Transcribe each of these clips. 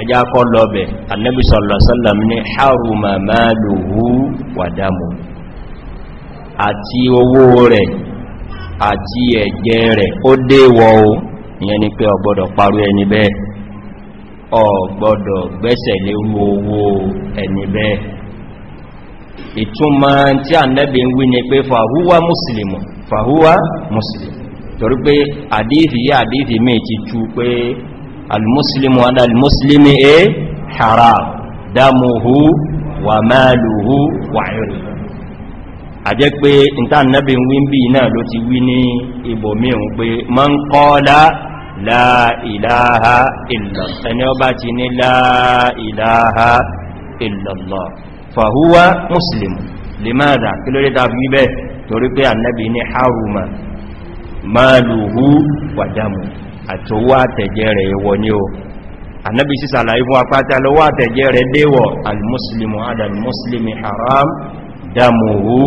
ẹjá kọ́ lọ́bẹ̀ annabi sallallahu ní haruma maluhu wa damu àti owó rẹ̀ àti ẹ̀jẹ̀ rẹ̀ ó déwọ o ìyẹn ni pé ọgbọ́dọ̀ parú ẹni bẹ́ẹ̀ ọgbọ́dọ̀ gbẹ́sẹ̀ lérú owó ẹni bẹ́ẹ̀ ìtumọ̀ tí annabi ń wí ni pé fàhúwá mùsùlùmù fàhúwá mùsùlùmù torí pé àdíìsì yí المسلم ala المسلم e eh? haram damuhu wa maluhu wa iri a jẹ́ pé ìta annabi wimbi náà ló ti wí ní ibòmíhun pé man qala la ilaha illallah ẹni ọba ti ní la ilaha illallah fahuwa muslimu limada kí ló tàbí bẹ́ torí pé annabi ní haruma maluhu wa àtòwò àtẹ̀jẹ́ rẹ̀ ìwọ ní o annabi sí sàlàyé fún apáta lọ wà tẹ̀jẹ́ rẹ̀ déwọ̀ almuslimu adal muslimi haram damuhu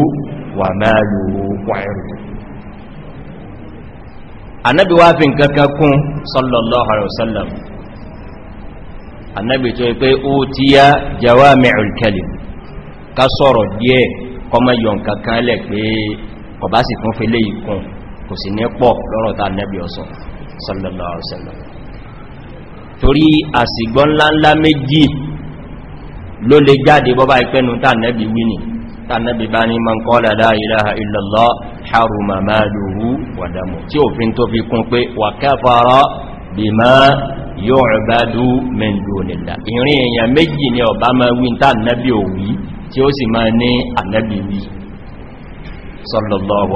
wa maluhu wa irdu annabi wá fi nkankan kún sallallahu alaihi wasallam annabi tó pé ó tí yá jawami'ul kalim ká sọ̀rọ̀ díẹ̀ kọ̀bá sì tún fi lè kò sì ní pọ̀ lọ́rọ̀ tá ọ̀sán sallallahu alaihi wasallam torí àsìgbọ́ ńláńlá méjì ló lè jáde bọ́bá ìpẹ́nu tànẹ́bì wíní tànẹ́bì bá ní man qala la ilaha illallah haruma maluhu wa damu tí òfin tó fi kún pé wa kafara bima yu'badu min dunillah ìrìn èèyàn méjì ni ọba ma wí tànẹ́bì òwí tí ó sì ma ní ànẹ́bì wí sallallahu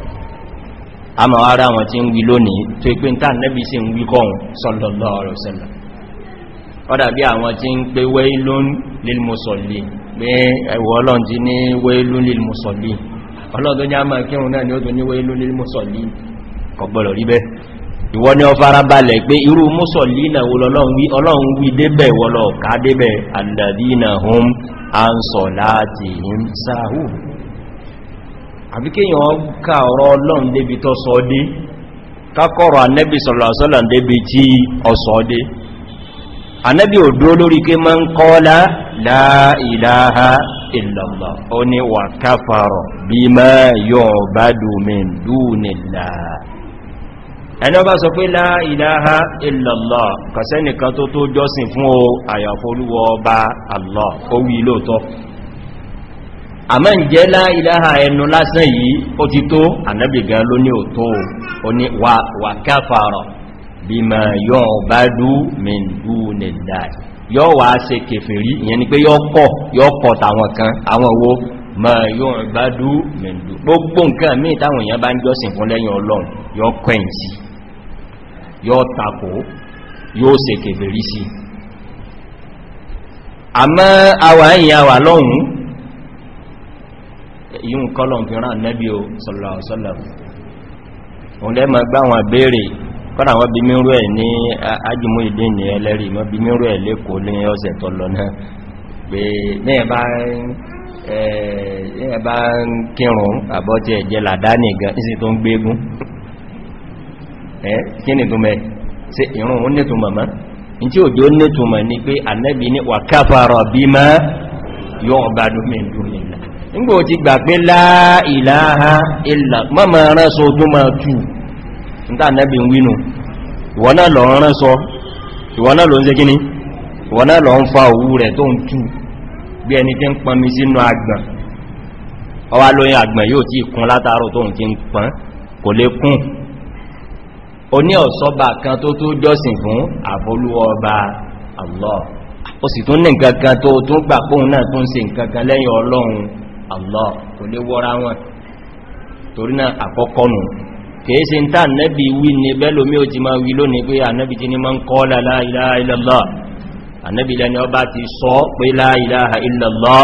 a ma ara wọn tí ń wí lónìí tó ipé ń tàn nẹ́bí sí ń wí kọ́hùn sallallahu alaihi wasallam ọ́dà bí àwọn tí ń pé wailun lil musallin pé ẹ̀wọ̀ ọlọ́run ti ní wailun lil musallin ọlọ́run tó ní a máa kírun náà ni ó tó ní wailun balẹ̀ pé irú mùsọ̀lì náà ọlọ́run wí débẹ̀ wọlọ̀ ká débẹ̀ alladhina hum an salatihim sahun àbí kíyàn ká ọ̀rọ̀ ọlọ́run débi tó sọ dé kákọ̀rọ̀ anẹ́bì sọ̀rọ̀sọ́lá débi tí ọ sọ dé anẹ́bì ò dúró lórí kí mọ́ ń kọ́lá la ilaha illallah ó ní wà káfàrọ̀ bima yu'badu min dunillah ẹni ọba sọ àmá ń jẹ́ láìláha ẹnu lásán yìí ó ti tó ànábìgá ló ní ò tó ó ní wà káfàrọ̀ bí ma yọ bá dú mẹ́ndú nìdá yọ wà ṣe kèfèrí ìyẹn ni pé yọ kọ̀ tàwọn kan àwọn owó ma yọ bá dú mẹ́ndú gbogbo nǹkan míì táwọn èèyàn bá ń jọ́sìn fún lẹ́yìn ọlọ́run yọ kọ́ẹ̀ntì yíò kọ́lọ̀ fi rán nẹ́bí o sọ̀lọ̀sọ̀lọ̀ òun lẹ́ ma gbá wọn béèrè kọ́nà wọ́n bí mírú ẹ̀ ní ajímú ìdí ní ẹlẹ́rì wọ́n bí mírú ẹ̀ lẹ́kọ̀ọ́ ní ọ̀sẹ̀ tó lọ náà pé ní ẹ̀bá ń kírùn àbọ́tí ẹ̀jẹ́ làdáni gan ní sí tó ń gbégún ẹ́ kí ni túnmẹ̀ sí ìrùn nígbò ti gbà pé láìláha ìlà mọ́mọ̀ ránṣọ tó máa tù níta nẹ́bí wínú ìwọ̀nà lọ ránṣọ ìwọ̀nà lọ ń se kíní ìwọ̀nà lọ ń fa òwú rẹ̀ tó ń tù bí ẹni tí ń pọnmi sínú àgbọ̀n ọwá lóyìn àgbọ̀n yóò ti kún látàrọ tó ń ti ń pọn kò lè kún o ní ọ̀sọ́bà kan tó tó jọ́sìn fún àfolúwọ́ ọba Allah ó sì tún ní nǹkan kan tó tún gbà póun náà tún ṣe nǹkan kan lẹ́yìn ọlọ́run Allah kò lè wọ́ra wọn torí náà àkọ́kọ́ nù kèése ń tàà nẹ́bí wí ní bẹ́lómí ò ti máa wí lónìí pé ànẹ́bí ti ní máa ń kọ́ la ilaha illallah ànẹ́bí lẹ́ni ó bá ti sọ pé la ilaha illallah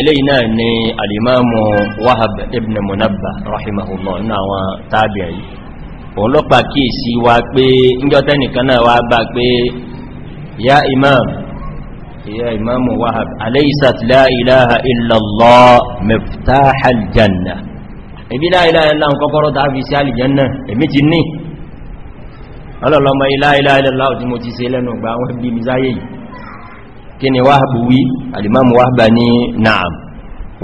eléyìí náà ni alìmáàmù wahab ibn munabba rahimahullah ní àwọn tàbí ayi òun lọ́pà kí sí wa pé ìjọta nìkan náà wá bá pé ya imam ya imam wahab alaysat la ilaha illallah miftah aljanna ibi la ilaha illallah kọ́kọ́rọ́ ta fi sí aljanna èmi ti ní ọlọ́lọ́mọ ilaha illallah kí ni wáhàbù wí alìmáàmù wáhàbà ní na'am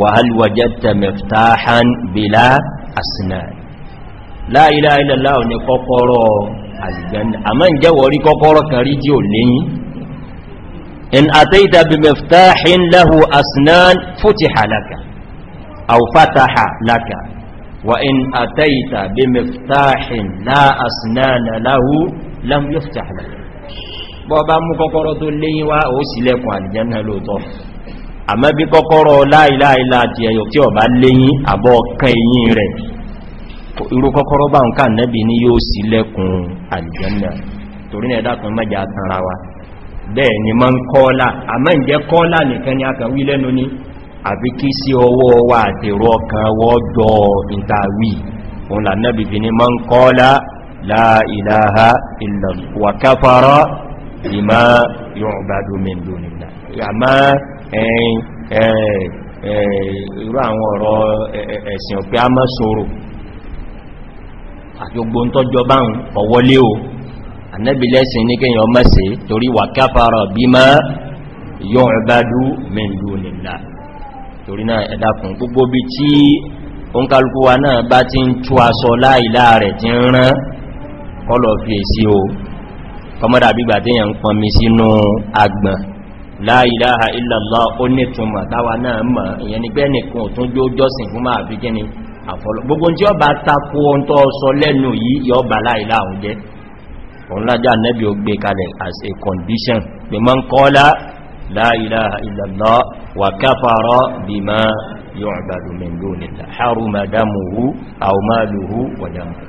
wa hal wajadta miftahan bila asnan la ilaha illallah ní kọ́kọ́rọ́ aljanna a máa ń jẹ́ wọ́rí kọ́kọ́rọ́ kan rí tí ò léyìn in ataita bi miftahin lahu asnan futiha laka aw bọ́ bá mú kọ́kọ́rọ́ tó léyìn wá ó sì lẹ́kùn àlìjẹ́nà lóòtọ́ àmọ́ bí kọ́kọ́rọ́ láìláìlá àti ẹ̀yọ̀ tí ọ̀bá léyìn àbọ́ ọ̀kan eyín rẹ̀ irú kọ́kọ́rọ́ bá ń ká nẹ́bì ní yóò sì lẹ́kùn àlìjẹ́nà torí náà dákùn mẹ́jà tanra wa bẹ́ẹ̀ ni mọ́ ń kọ́ọ́lá àmọ́ ìjẹ́ ìmá yọ̀ọ̀bádó mẹ́ndò nìlá àmá ẹ̀yìn irú àwọn ọ̀rọ̀ ẹ̀sìn ọ̀pẹ́ a mọ́ sọ́rọ̀ àti ogbó ń tọ́jọ bá ń ọ̀wọ́lé o anẹ́bìlẹ́sìn ní kíyàn ọmọ sí torí wà káfàrọ̀ bí má yọ̀ọ̀bádó mẹ́ndò nìlá torí náà ẹ̀dàkùn kọmọ́dà bígbà tí yàn ń pọn mi sínú agbọ̀n la ilaha illallah ó ní túnmà táwa náà mọ̀ ìyẹn ni pẹ́ nìkan ò tún jó jọ́sìn fún máa bí gíní àfọ́lọ́ gbogbo tí ó bá takó ohun tó sọ lẹ́nu yìí yọ bà láìlá òun jẹ́ òun lájá nẹ́bí ó gbé kalẹ̀ as a condition pé mọ́ ń kọ́lá la ilaha illallah wa kafara bima yu'badu min dunillah haruma damuhu aw maluhu wa damuhu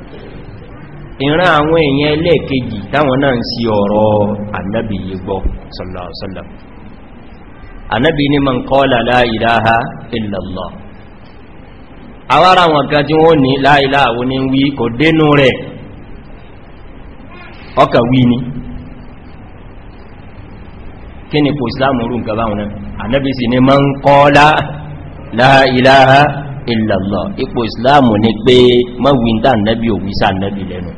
ìran àwọn èèyàn ẹlẹ́ẹ̀kejì táwọn náà ń sí ọ̀rọ̀ annabi yìí gbọ́ sallallahu alaihi wasallam annabi ni man qala la ilaha illallah awára àwọn kan tí wọ́n ní la ilaha wọ́n ní wí kò dénú rẹ̀ ọkà wí ni kí ni kò islamu rú nǹkan báwọn annabi sì ni man qala la ilaha illallah ipò islamu ni pé mọ́wí ń dá annabi òwúsá annabi lẹ́nu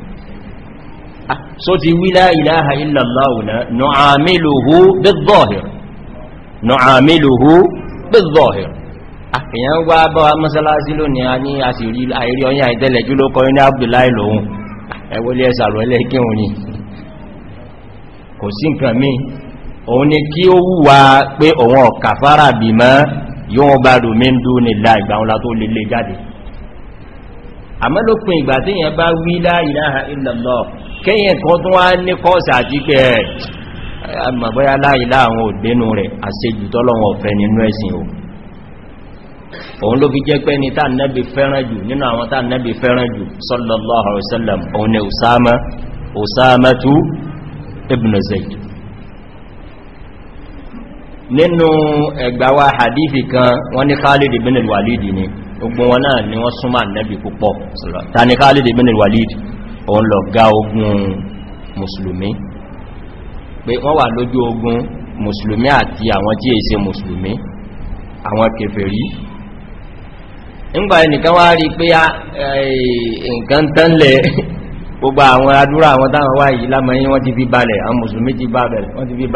so ti wí la ilaha illallah nu'amiluhu bizahir nu'amiluhu bizahir àkìyàn ah, wá bá wa mọ́sálásí lónìí a ní àṣìrí àìrí ọyá ìdẹ́lẹ̀ jú ló kọ́ ní abdullahi lòun ah, ẹwọlé ẹsàrọ̀ ẹlẹ́kíhùn ni kò sí nǹkan mí òun ni kí ó wúwa pé òun ọ̀kàfárà bì mọ́ yóò bá dùn mí ń dún nílá ìgbàun la tó lè lè àmọ́lòpin ìgbà tí yẹn bá wí la ilaha illallah kẹ́yẹn kan tó wá ní kọ́ọ̀sì àti pẹ́ àmàbọ́yá la ilaha àwọn òdénú rẹ̀ àṣejù tọ́lọ́wọ̀n ọ̀fẹ́ nínú ẹ̀sìn o òun ló fi jẹ́ pé ní tá fẹ́ràn jù nínú àwọn tá fẹ́ràn jù sallallahu alaihi wasallam òun ni Usama Zaid nínú ẹgbàwà hadithi kan wọ́n ní khalid ibn al-walid ni ogun wọn náà ni wọ́n súnmà nẹ́bì púpọ̀ ta ni khalid ibn al-walid òun lọ ga ogun musulmi pé wọ́n wà lójú ogun musulmi àti àwọn tí èsẹ musulmi àwọn kèfèrí nígbà ẹnìkan wá rí pé ah, eh, nǹkan tánlẹ̀ gbogbo àwọn àdúrà àwọn táwọn wáyìí lámọ́ wọ́n ti fi balẹ̀ àwọn musulmi ti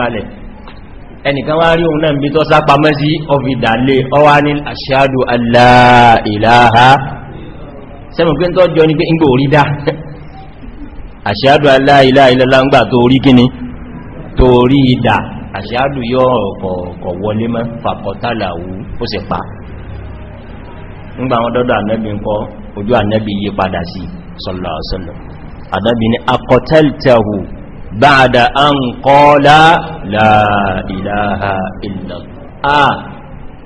balẹ̀ ẹnìkan wá rí òun náà bí tó sápamọ́ sí ọ̀fìdàlé ọwá ní aṣáàdù aláìláha sẹ́mọ̀ pé tó jọ ní pé ń gbò rí dá aṣáàdù aláìláìláha ń gbà tó rí kíni tó rí ìdà aṣáàdù yọ ọ̀kọ̀ wọlé mọ́ fàkọtàlàwú ó sì pa ńgbà wọn dọ́dọ̀ بعد أن قال لا إله إلا الله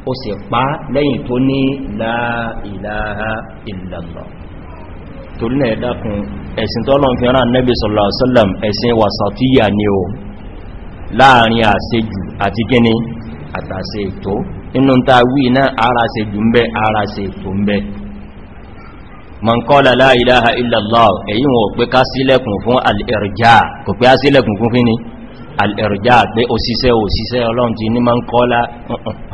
ó sì pa lẹ́yìn tó ní la ilaha illallah torí náà ẹ̀dàkùn ẹ̀sìn tó lọ́n fi rán nẹ́bí sallallahu alaihi wasallam ẹ̀sìn wasatiyya ni o láàrin àṣejù àti gíní àtàṣe ètò inú ta wí náà ara ṣe jù ń bẹ ara ṣe ètò ń bẹ man qala la ilaha illallah èyí wọn pé ká sílẹ̀kùn fún al'irja kò pé á sílẹ̀kùn fún fíní al'irja pé òsìsẹ́ òsìsẹ́ ọlọ́run ti ní man qala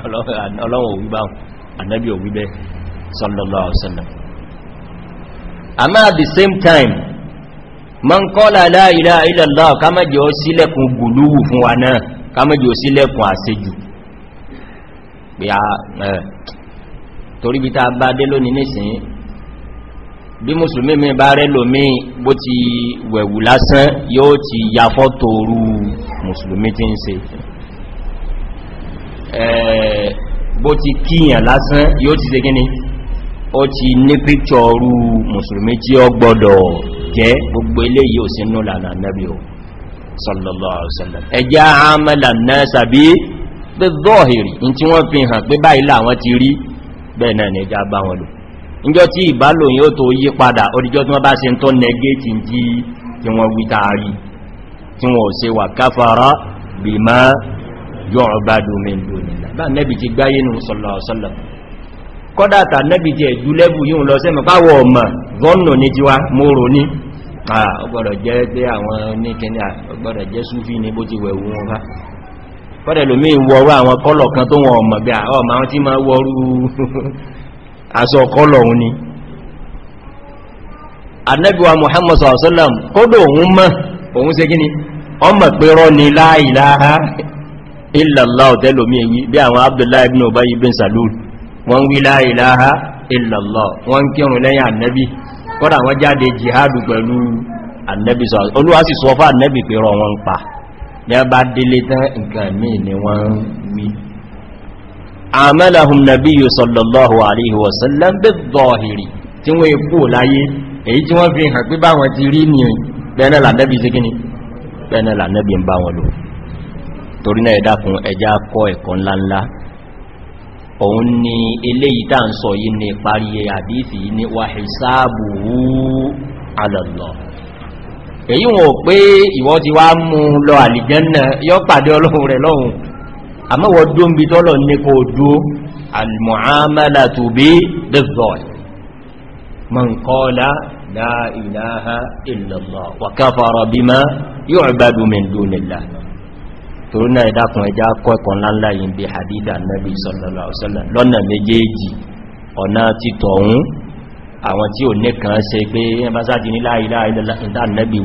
ọlọ́run òwúbá annabi òwúbẹ́ sallallahu at the same time man la ilaha illallah ká má jẹ́ ó sílẹ̀kùn gùlúwù fún wa náà ká má jẹ́ ó sílẹ̀kùn àṣejù torí bí ta bá dé lónìí bí mùsùlùmí mi bá rẹ lómi bó ti wẹ̀wù lásán yóò ti ya fọ́tò orú mùsùlùmí tí ń ṣe bó ti kíyàn lásán yóò ti ṣe gíní ó ti ní píkṣọ orú mùsùlùmí tí ó gbọ́dọ̀ jẹ́ gbogbo eléyìí ò sínú lànà Ànábì o sallallahu alaihi wasallam ẹjá àmàlà náà sàbí bí zọ́ọ̀hìrì tí wọ́n fi hàn pé báyìí làwọn ti rí níjọ́ tí ìbálò yóò tó yí padà oríjọ́ tí wọ́n bá se ń tọ́ nẹgẹ́tì jí tí wọ́n wítàárí tí wọ́n se wà káfàrá bí má yọ́ ọgbádùn mẹ́lú nílá bá nẹ́bì ti gbáyé nù sọ̀lọ̀sọ̀lọ̀ kọ́dàtà nẹ́bì ti ẹ̀jú lẹ́bù yíò lọ sẹ́mù páwọ̀ ọmọ gọ́nà ní jíwá móró ní ọgbọ̀dọ̀ jẹ́ pé ìwọ̀rọ̀ àwọn kọ́lọ̀ kan tó wọn ọmọ gbà ọmọ tí ma wọ́rú aṣọ ọkọ́lọ̀ òun ni anẹ́bíwa muhammad sallam kódò òun mọ́ òun se gíní ọmọ pé rọ́ ni láìláha ìlàlá ọ̀tẹ́lòmí èyí bí àwọn abdullahi ibn ọba ibn salul wọ́n wí láìláha ìlàlá wọ́n kírùn lẹ́yìn anẹ́bí jihadu pa àmẹ́lẹ̀hùn nàbí yóò sọ̀lọ̀lọ́hù àríhù ọ̀sẹ̀lẹ̀ ń bẹ́ bọ̀ọ̀hìrì tí wọ́n ikú láyé èyí tí wọ́n fi hàn pé bá wọn ti rí ní bẹ́ẹ̀nẹ́lá nẹ́bí sí gíní bẹ́ẹ̀nẹ́lá nẹ́bí ń bá wọn lò torí náà ẹ̀dàkùn ẹja kọ́ ẹ̀kọ́ ńláńlá òun ni eléyìí àmọ́wọ̀ dúó ń bí tọ́lọ̀ ní kò dúó al-mu'amalatu bí dìzọ̀l man qala la ilaha illallah wa kafara bima yu'badu min dunillah torí náà ìdákùn ẹjá kọ́ ẹ̀kọ́ ńláńlá yìí bí hadida nabi sallallahu alaihi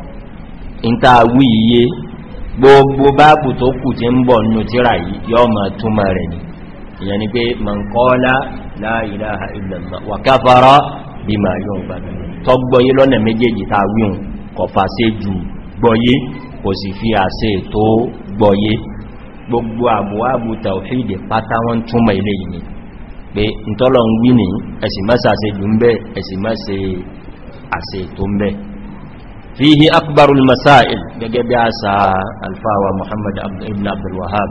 ìta wí iye gbogbo báàbù tó kù ti ń bọ̀ nínú tíra yìí yọ́ ma túnmà rẹ̀ ni ìyẹn ni pé man qala la ilaha illallah wa kafara bima yunzal tó gbọ́yé lọ́nà méjèèjì ta wíhun kò fàṣe jù gbọ́yé kò sì fi àṣẹ tó gbọ́yé gbogbo àbúwábù pátá wọ́n túnmà ilé yìí pé ìtọ́lọ̀ ń mẹ́sà jù ń bẹ́ fíhí akbarul masáìl gẹ́gẹ́ bí àṣà alfawa muhammad ibn abdul wahab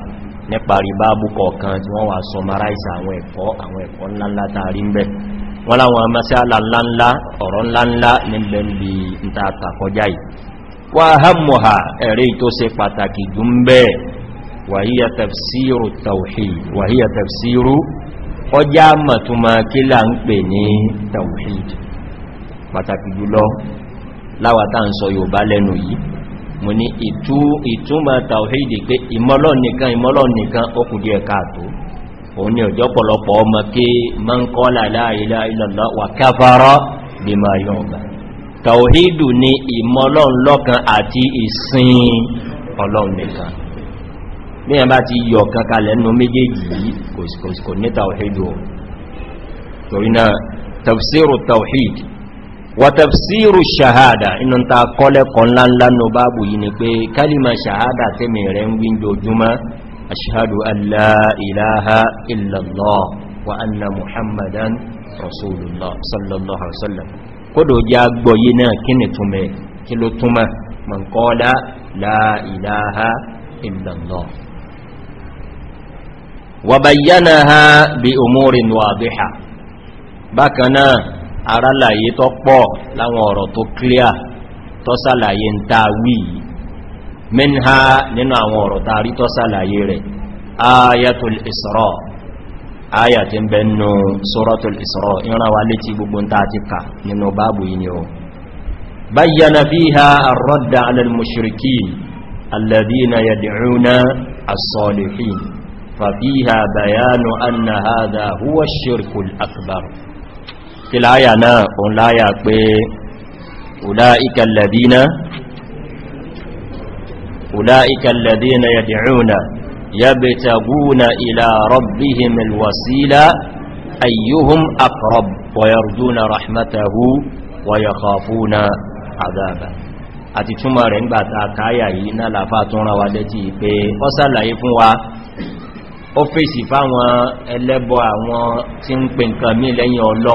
nípa ribábù kọ̀ọ̀kan tí wọ́n wà summarize àwọn ẹ̀kọ́ àwọn ẹ̀kọ́ ńláńlá tààrí ń bẹ̀ wọ́n láwọn masáàlá ńláńlá ọ̀rọ̀ ńláńlá nílẹ̀ bí n ta àtàkọjá yìí wà hàmùhà ẹ̀rẹ́ tó ṣe pàtàkì jùm bẹ́ẹ̀ wàhíyà tafsiru tawhid wàhíyà tafsiru ọjá màtúmà kí là ń pè ní tawhid pàtàkì jùlọ láwàtà ń sọ Yorùbá lẹ́nu yìí mo ní ìtumọ̀ tàwíìdì pé ìmọ́lọ́ nìkan ìmọ́lọ́ nìkan ó kù díẹ̀ káàtó òun ni òjò pọ̀lọpọ̀ ọmọ kí man qala la ilaha illallah wa kafara bima yu'ba tàwíìdù ni ìmọ́lọ́n lọ́kan àti ìsìn ọlọ́run nìkan bí yàn bá ti yọ kankan lẹ́nu wàtàfsíru ṣàhádà inú ta kọ́lẹ̀kọ́ ńláńlá ní báàbù yìí ni pé kálìmà ṣàhádà tí mẹ́ rẹ̀ ń gbín jojúmọ́ aṣíhádù aláìláha illallah wa anna muhammadan rasulullah sallallahu alaihi wasallam kódò jẹ́ agbóyí náà kí ni túnmẹ̀ kí ló túnmà man wa bayyanaha bi arálàyé tó pọ̀ láwọn ọ̀rọ̀ tó clear tó sàlàyé ń ta wí minha nínú àwọn ọ̀rọ̀ tàrí tó sàlàyé rẹ̀ ayatul isra aya tí ń bẹ nínú suratul isra ìran wa létí gbogbo ń tàà ti kà nínú báàbù yìí ni ó bayyana fiha ar-radd 'ala al kí láyà náà òun láyà pé ulaika alladhina ulaika alladhina yad'una yabtaguna ila rabbihim alwasila ayyuhum aqrab wa yarjuna rahmatahu wa yakhafuna adhaba àti túnmà rẹ̀ nígbàtà káyà yìí náà làfà tún ra wa létí pé ó sàlàyé fún wa ó fèsì fáwọn ẹlẹ́bọ àwọn tí ń pè nǹkan mí lẹ́yìn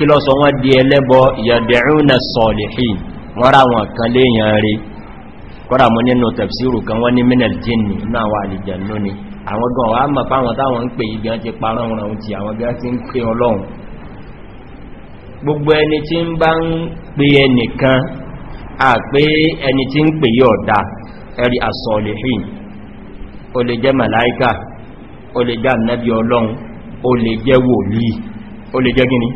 kí ló sọ wọ́n di ẹlẹ́bọ yad'una salihin wọ́n rá wọn kan léèyàn rí kọ́rà mọ́ nínú tafsiru kan wọ́n ní minal jinni náà wà àlìjànú ni àwọn gan wà mọ̀ páwọn táwọn ń pè igan ti parọ́ wọn ti àwọn gan ti ń pè ọlọ́run gbogbo o lè jẹ́ wòlíì o lè jẹ́ gíní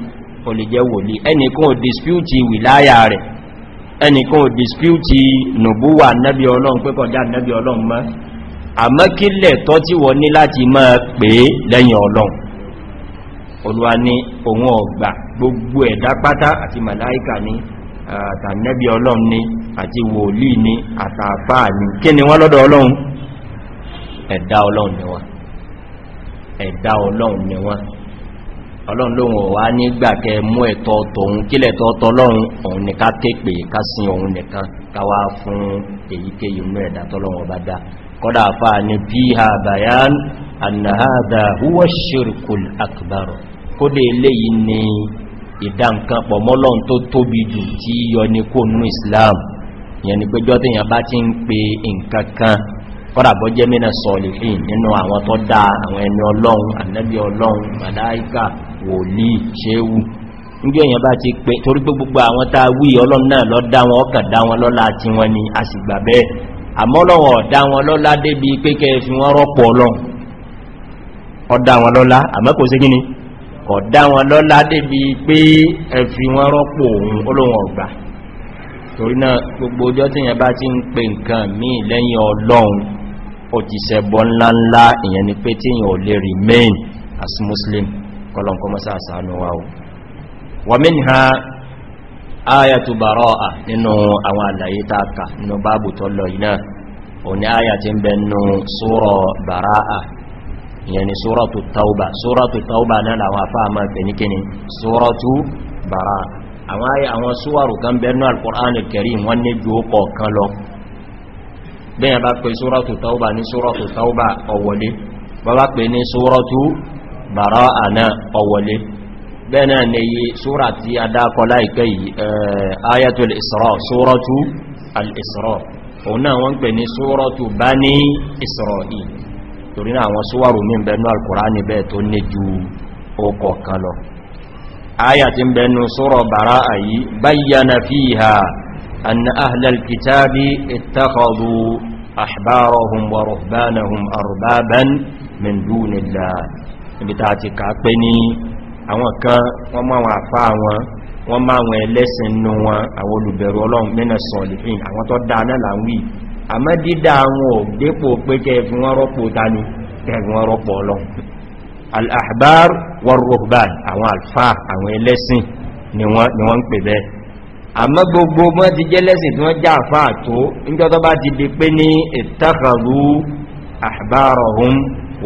o lè jẹ́ wòlí ẹnìkan dispute wìláyà rẹ̀ ẹnìkan dispute nùbúwà nẹ́bí ọlọ́run pé kọjá nẹ́bí ọlọ́run mọ́ àmọ́ kí lẹ̀ tọ́ tí wọ́n ní láti mọ́ pé lẹ́yìn ọlọ́run olúwa ní ohun ọ̀gbà gbogbo ẹ̀dá pátá àti màláíkà ní àtànẹ́bí ọlọ́run ní àti wòlí ní ọlọ́run ẹ̀dá ọlọ́run ni wọ́n ọlọ́run lóhun wá nígbà kẹ mú ẹ̀tọ́ tòun kílẹ̀ tọ́tọ́ lọ́run òun ni ká kéèpè ká sí òun nìkan káwá fún èyíkéyìí mú ẹ̀dà tọ́lọ́run bá dá kọ́dá àfá ní bí ha bayan annahada huwa shirkul akbar kódé eléyìí ni ìdá nǹkan pọ̀ mọ́lọ́run tó tóbi jù tí yọ ní kó nú islam kọ́dàbọ́ jẹ́ mẹ́nà sọ̀lẹ̀fín nínú àwọn tó dá àwọn ẹni ọlọ́run ànábí ọlọ́run màláíkà wòlí ṣéwù nígbé èyàn bá ti pé torí gbogbo àwọn tá wí ọlọ́run náà lọ dá wọn ọkà dá wọn ni a sì gbà bẹ́ẹ̀ dá wọn débi pe nǹkan lẹ́yìn ó ti sẹ́bọ̀ ńláńlá ìyẹn ni pé tí yíò lè remain as muslim kọlọ̀nkọ́ mọ́sá àsánú wa o wà mí ha ayatu baro'a nínú àwọn àlàyé tààkà nínú báàbù tọ́lọ iná òní ayà ti ń bẹ nínú sórọ̀ baro'a ìyẹn ni sórọ̀tù tauba sórọ̀tù tauba náà làwọn afáà máa pè ní àwọn ayà àwọn súwàrù kan bẹ nínú alkùránì kẹrí wọn ní ju ó kọ̀ọ̀kan lọ bẹ́yàn bá pè sóràtù taubá ní sóràtù taubá ọ̀wọ̀lé bàbá pè ní sóràtù bàrá àná ọ̀wọ̀lé bẹ́ẹ̀nà ni yí sóra tí a dákọ láìpẹ́ yìí ayatul isra sóràtù al-isra òun náà wọ́n pè ní sóràtù bani isra'il torí náà àwọn sówàrù mí bẹnu al-Qur'ani ní ju أن أهل الكتاب اتخذوا أحبارهم ورهبانهم أربابا من دون الله بتاتك أقني àwọn kan wọ́n máa wọn àfá wọn wọ́n máa wọn ẹlẹ́sìn inú wọn àwọn olùbẹ̀rù ọlọ́run mẹ́nà sọ̀lìfín àwọn tó dáa náà láwí àmọ́ dídá àwọn ògbépò pé kẹfún wọ́n rọ́pò dání kẹfún wọ́n rọ́pò ọlọ́run al-ahbar warrohban àwọn alfa àwọn ẹlẹ́sìn ni wọ́n ń pè bẹ́ẹ̀ àmọ́ gbogbo mọ́ ti jẹ́ lẹ́sìn tí wọ́n já àfáà tó níjọ́ tó bá ti di pé ní ìtàkàrú àbárọ̀hún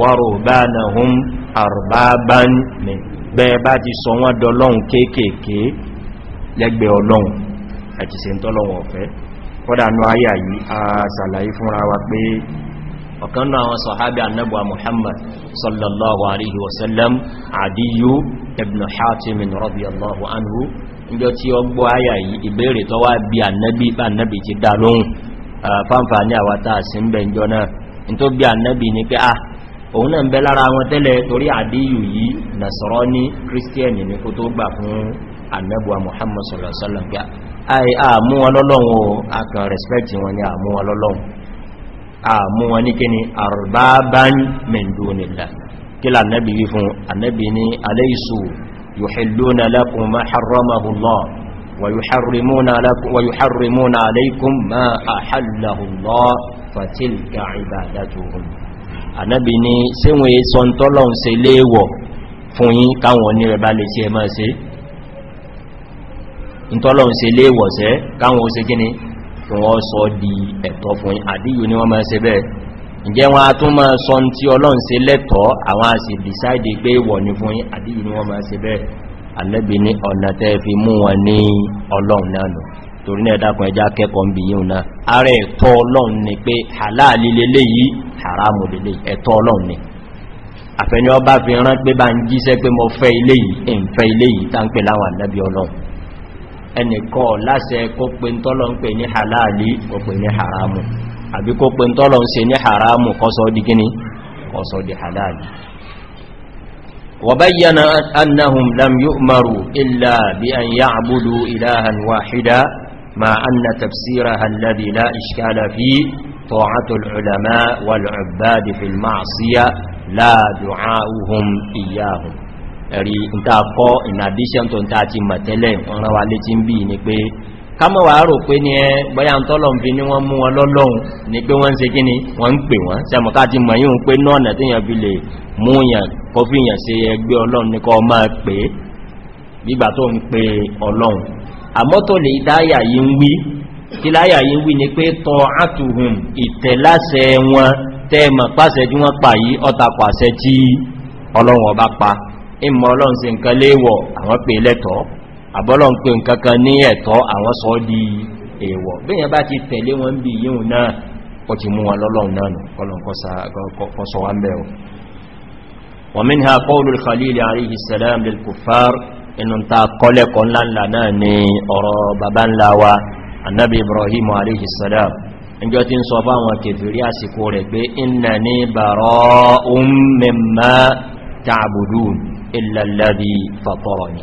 wọ́rọ̀bánahún àrùbábán ní bẹ́ẹ̀ bá ti sọ wọ́n dọlọ́un kéèkèé lẹ́gbẹ̀ẹ́ ọlọ́un àti se ń tọ́lọ́wọ̀n ọ̀fẹ́ kọ́dánú ayà níjọ tí ó gbọ́ àyà yìí ìbéèrè tó wá bí ànábì bá ànábì ti dá lóhùn fáǹfà ní àwátá sí ń bẹ̀ ìjọ náà in tó bí ànábì ní pé à ah, òun náà ń bẹ lára wọn tẹ́lẹ̀ torí àdíyù yìí nàṣọ́rọ́ ní kírísítíẹ̀nì ní kó tó gbà Muhammad sallallahu alaihi wasallam àmú wọn lọ́lọ́run àkàn respect wọn ni àmú wọn lọ́lọ́run àmú wọn arbaban min dunillah kí lànàbì wí fún ànàbì ní alaysu يحلون لكم ما حرمه الله ويحرمون, لكم ويحرمون عليكم ما أحله الله فتلك عبادتهم Ànábì ni ṣe wọ́n yí sọ tọ́lọ̀un ṣe léèwọ̀ fún yín káwọn ní rẹ̀ bá lè ṣe ẹmọ́ ṣe tọ́lọ̀un ṣe léèwọ̀ ṣẹ́ káwọn ó ṣe gíní kí wọ́n sọ di ẹ̀tọ́ fún yín àdíyù ni wọ́n máa ṣe bẹ́ẹ̀ ǹjẹ́ wọn a tún máa sọ tí ọlọ́run ṣe lẹ́tọ̀ọ́ àwọn a sì dìsáìdì pé wọ̀ ní fún àdí ìní wọn máa ṣe bẹ́ẹ̀ alẹ́bì ní ọ̀nà tẹ́ fi mú wọn ní ọlọ́run náà nù torí náà dákùn ẹjá kẹ́kọ̀ọ́ ń bí yíò náà halali lélé haramu lélé ẹ̀tọ́ ọlọ́run ni àfẹ́ni ọba fi rán pé bá ń jíṣẹ́ pé mo fẹ́ ilé yìí ń fẹ́ ilé yìí tá pe halali kó pe haramu àbí kó pé tọ́lọ ń ṣe ní haramu kọsọ di gini kọsọ di halali wa bayyana annahum lam yu'maru illa bi an ya'budu ilahan wahida ma anna tafsiraha alladhi la ishkala fi ta'atu al-ulama wal 'ibbad fi al-ma'siya la du'a'uhum iyyahum ẹ̀rí ìta kọ́ in addition to ìta ti mọ̀tẹ́lẹ̀ ọ̀rọ̀wà létí ń bí ní pé kámọ̀ wà rò pé ní ẹ bọ́yá ń tọ́lọ̀ fi ní wọ́n mú wọn lọ́lọ́un ní pé wọ́n ń ṣe kí ni wọ́n ń pè wọ́n sẹ́mọ̀ká ti mọ̀ yíò pé náà tí yàn fi lè mú yàn kọfíyàn sí ẹgbẹ́ ọlọ́run ní kọ máa pè gbígbà tó ń pe ọlọ́run pa yí ọ̀tàpọ̀ àṣẹ tí ọlọ́run ọba pa ìmọ̀ ọlọ́run àbọ́lọ̀ ń pè nǹkankan ní ẹ̀tọ́ àwọn sọ di èèwọ̀ bíyàn bá ti tẹ̀lé wọn bí yíò náà ó ti mú wọn lọ́lọ́run náà nù kọlọ̀nkọ́sọ wá mẹ́ wa minha qawlu al-Khalil alayhi salam lil-kuffar inú ta kọ́lẹ̀kọ́ ńláńlá náà ni ọ̀rọ̀ bàbá ńlá wa illa alladhi fatarani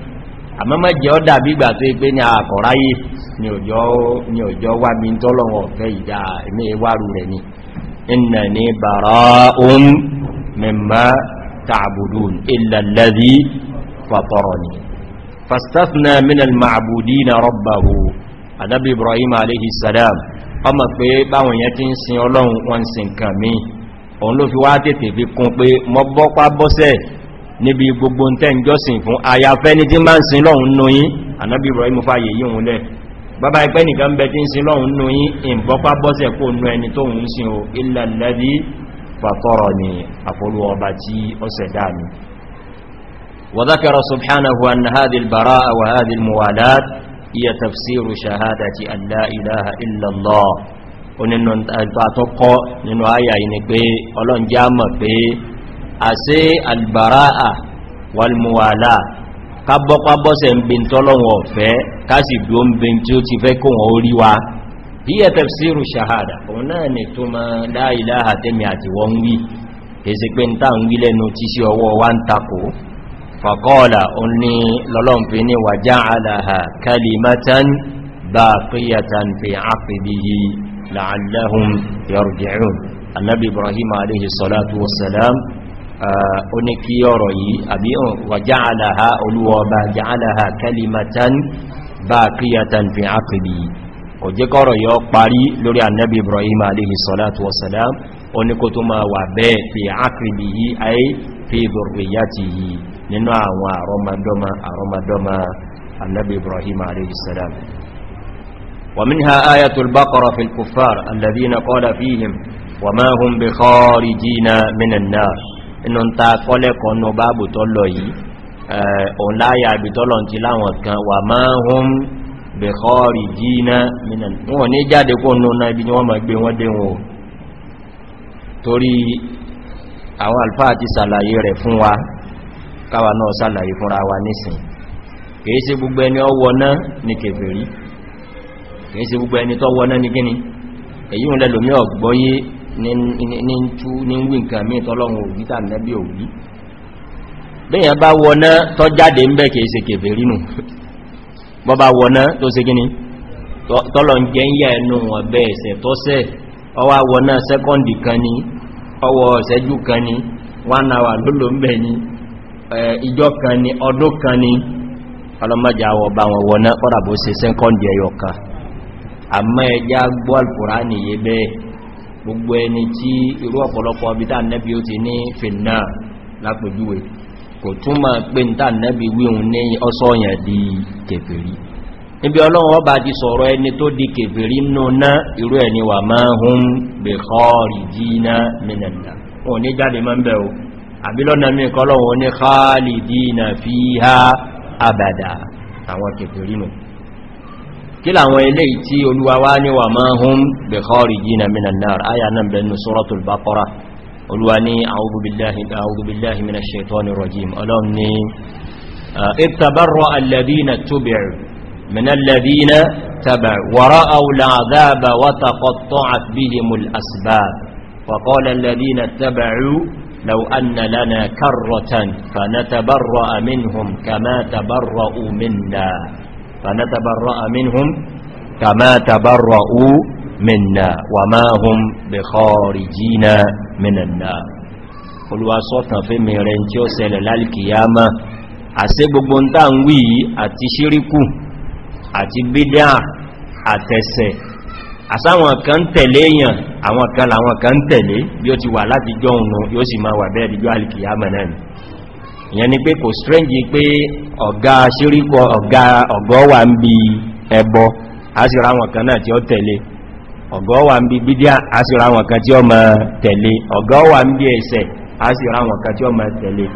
àmọ́ má jẹ́ ọ́ dàbí ìgbà tó pé ní àkọ̀ráyé ní òjò wà bí tọ́lọ̀wọ̀ ọ̀fẹ́ ìdá ní ìwárú rẹ̀ ni iná ní bàrá ohun mẹ́mà tààbùdù ìlàlẹ́dí fàtọ̀rọ̀ ni fastafna minal ma'abudi na rọ́bàwò adábi ibrahim aleyhisselam ọmọ pé báwọn yẹn ti ń sin ọlọ́run níbi gbogbo tẹ́ ń jọ́sìn fún àyàfẹ́ ní tí máa ń sin lọ́hun nù yí ànábì Ibrahim fàyè yí òun lẹ́ bàbá ẹgbẹ́ nìkan bẹ tí ń sin lọ́hun nù yí ìbọ́pá bọ́sẹ̀ kó nù ẹni tó ń sin o illa alladhi fatarani àfolú ọba tí ó ṣẹ̀dá mi onínú àtọ́kọ́ nínú àyà yìí ni pé ọlọ́njá mọ̀ pé àṣẹ albara'a walmuwala ká bọ́pábọ́sẹ̀ ń bí tọ́lọ́wọ̀ ọ̀fẹ́ ká sì bí ó ń bí tí ó ti fẹ́ kó wọn orí wa hiya tafsiru shahada òun náà ni tó ma la ilaha àti wọ́n wí kèsì pé ń tàà ń wí lẹ́nu tí sí ọwọ́ wa ń takò faqala òun ni lọ́lọ́mfẹ́ ó ní kí ọ̀rọ̀ yìí àbí wà jáàláha olúwọba jáàláha kalimatan baqiyatan fi aqbi kò jẹ́ kọ́rọ̀ yọ parí lórí annabi ibrahim alayhi salatu wasalam ó ní kó tó máa wà bẹ́ẹ̀ fi aqbi yìí ayé fi dhurriyyatihi nínú àwọn àrọmọdọ́mà inú ta kọ́lẹ́kọ̀ọ́ nù báàbù tọ́lọ yìí eh, òun láyà ibi tọ́lọ ti láwọn kan wà máa hún bẹ̀kọ́rì jína minan wọn ní jáde kó nù náà ibi ni wọ́n ma gbé wọ́n dé wọn torí àwọn alfáà ti sàlàyé rẹ̀ fún wa káwa náà sàlàyé fúnra wa nísìn kìí ní tú ní wí nǹkan mí tọ́lọ́run òbí tà nẹ́bí òbí bẹ́yàn bá wọná tọ́ jáde ń bẹ́ kìí ṣe kèfè rínú bọ́ bá wọná tó ya gíní tọ́lọ̀ ń jẹ́ yà ẹnu wọn bẹ́ ẹ̀sẹ̀ tọ́sẹ̀ ọwá wọná sẹ́kọ́ndì kan ní ọwọ́ ṣẹ́jú kan ní one lólò ń bẹ̀ kan ní ọdún kan ní ọlọ́mọ́jà wọ bá kan àmọ́ ẹjá gbogbo ẹni tí irú ọ̀pọ̀lọpọ̀ ọbítà nẹ́bí ó ti ní fìnnà lápòjúwe kò túnmà pé ní tànẹ́bí wíhun ní ọsọ́ọ̀yàn di kèfèrí níbi ọlọ́run ọba ti sọ̀rọ̀ ẹni tó di kèfèrí núná irú ẹni wà máa hún bèkọ́ọ̀rì dínà mìnàdà wọn ní jáde mọ́ bẹ̀ o àbílọ́nà mìkọ́lọ́run ní khalidina fiha abada àwọn kèfèrí nù no kí làwọn ilé tí olúwa wá ní wà máa hún bi kharijina minan nar áyà náà bẹnu suratul baqara olúwa ní a'udhu billahi a'udhu billahi minash shaitanir rajim ọlọ́run ní ittabarra alladhina tubi'u minal ladhina taba'u wa ra'aw فَنَتَبَرَّأَ مِنْهُمْ كَمَا تَبَرَّأُوا مِنَّا وَمَا هم بِخَارِجِينَ من النار olúwa sọ́tàn fẹ́ mẹ́rẹ̀ tí ó sẹlẹ̀ lálìkìyàmá àṣẹ gbogbo ń tàà ń wí àti ṣíríkù àti bídá àtẹsẹ̀ àsáwọn kan ń tẹ̀lé èyàn àwọn kan làwọn kan tẹ̀lé bí ó ti wà láti jọ òun yóò sì máa wà bẹ́ẹ̀ díjọ́ alìkìyàmá náà ìyẹn ni pé kò strange pé ọ̀gá ṣíríkọ ọ̀gá ọ̀gọ́wà ń ẹbọ aṣíra wọn kan náà tí ó tẹ̀lé ọ̀gọ́wà ń bí bídíà aṣíra wọn kan tí ó mọ̀ tẹ̀lé ọ̀gọ́wà ń bí ẹsẹ̀ aṣíra wọn kan tí ó mọ̀ tẹ̀lé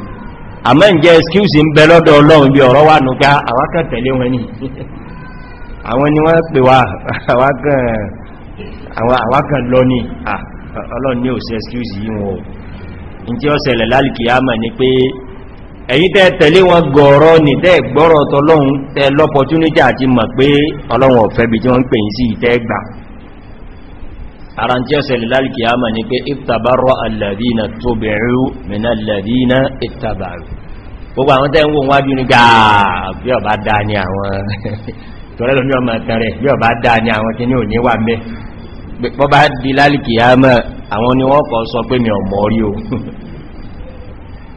lálìkìyàmà ni pé ẹ̀yí tẹ́ tẹ̀lé wọn gọ̀ọ̀rọ̀ ní tẹ́ gbọ́rọ̀ tọ́lọ́hun tẹ́ lọ́pọ̀túnítì àti mọ̀ pé ọlọ́run ọ̀fẹ́ bí tí wọ́n ń pè yí sí ìtẹ́ gbà ara tí ó sẹlẹ̀ lálìkì àmà ní pé ìtàbárọ̀ alladhina tubi'u min alladhina ìtàbàrù gbogbo àwọn tẹ́ ń wò wájú ní gáà bí ọba dáa ní àwọn tọ́lẹ́lọ́mí ọmọ ẹ̀tàn rẹ̀ bí ọba dáa ní àwọn tí ní òní wà mẹ́ bọ́bá di lálìkì àmà àwọn ni wọ́n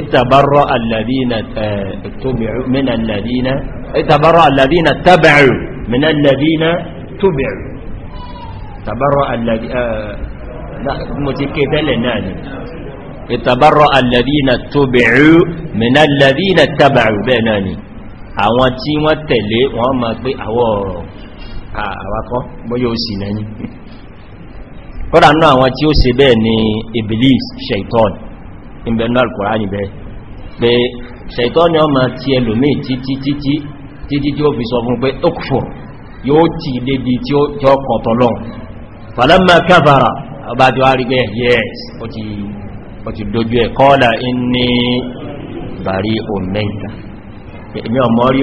اتبرأ الذين آه، اتبعوا من الذين اتبرأ الذين اتبعوا من الذين تبعوا تبرأ الذين آه، لا متكتة لنادي اتبرأ الذين اتبعوا من الذين اتبعوا بيناني àwọn tí wọ́n tẹ̀lé wọ́n ma pé àwọ̀ àwakọ́ bóyá ó sì náà ní kọ́dà náà àwọn tí ó se bẹ́ẹ̀ ni iblis shaitan ìbẹ̀nú alkùnrání bẹ́ pé ṣẹ̀tọ́ ni ọmọ ti ẹlòmí títí títí títí tí ó fi sọ fún pé okùfò yóò ti débi tí ó kọ̀ tọ́lọ́n falamma kafara ọba tí wá rí pé yes ó ti dojú ẹ̀ kọ́ọ̀lá inni bari omega èmi ọmọ rí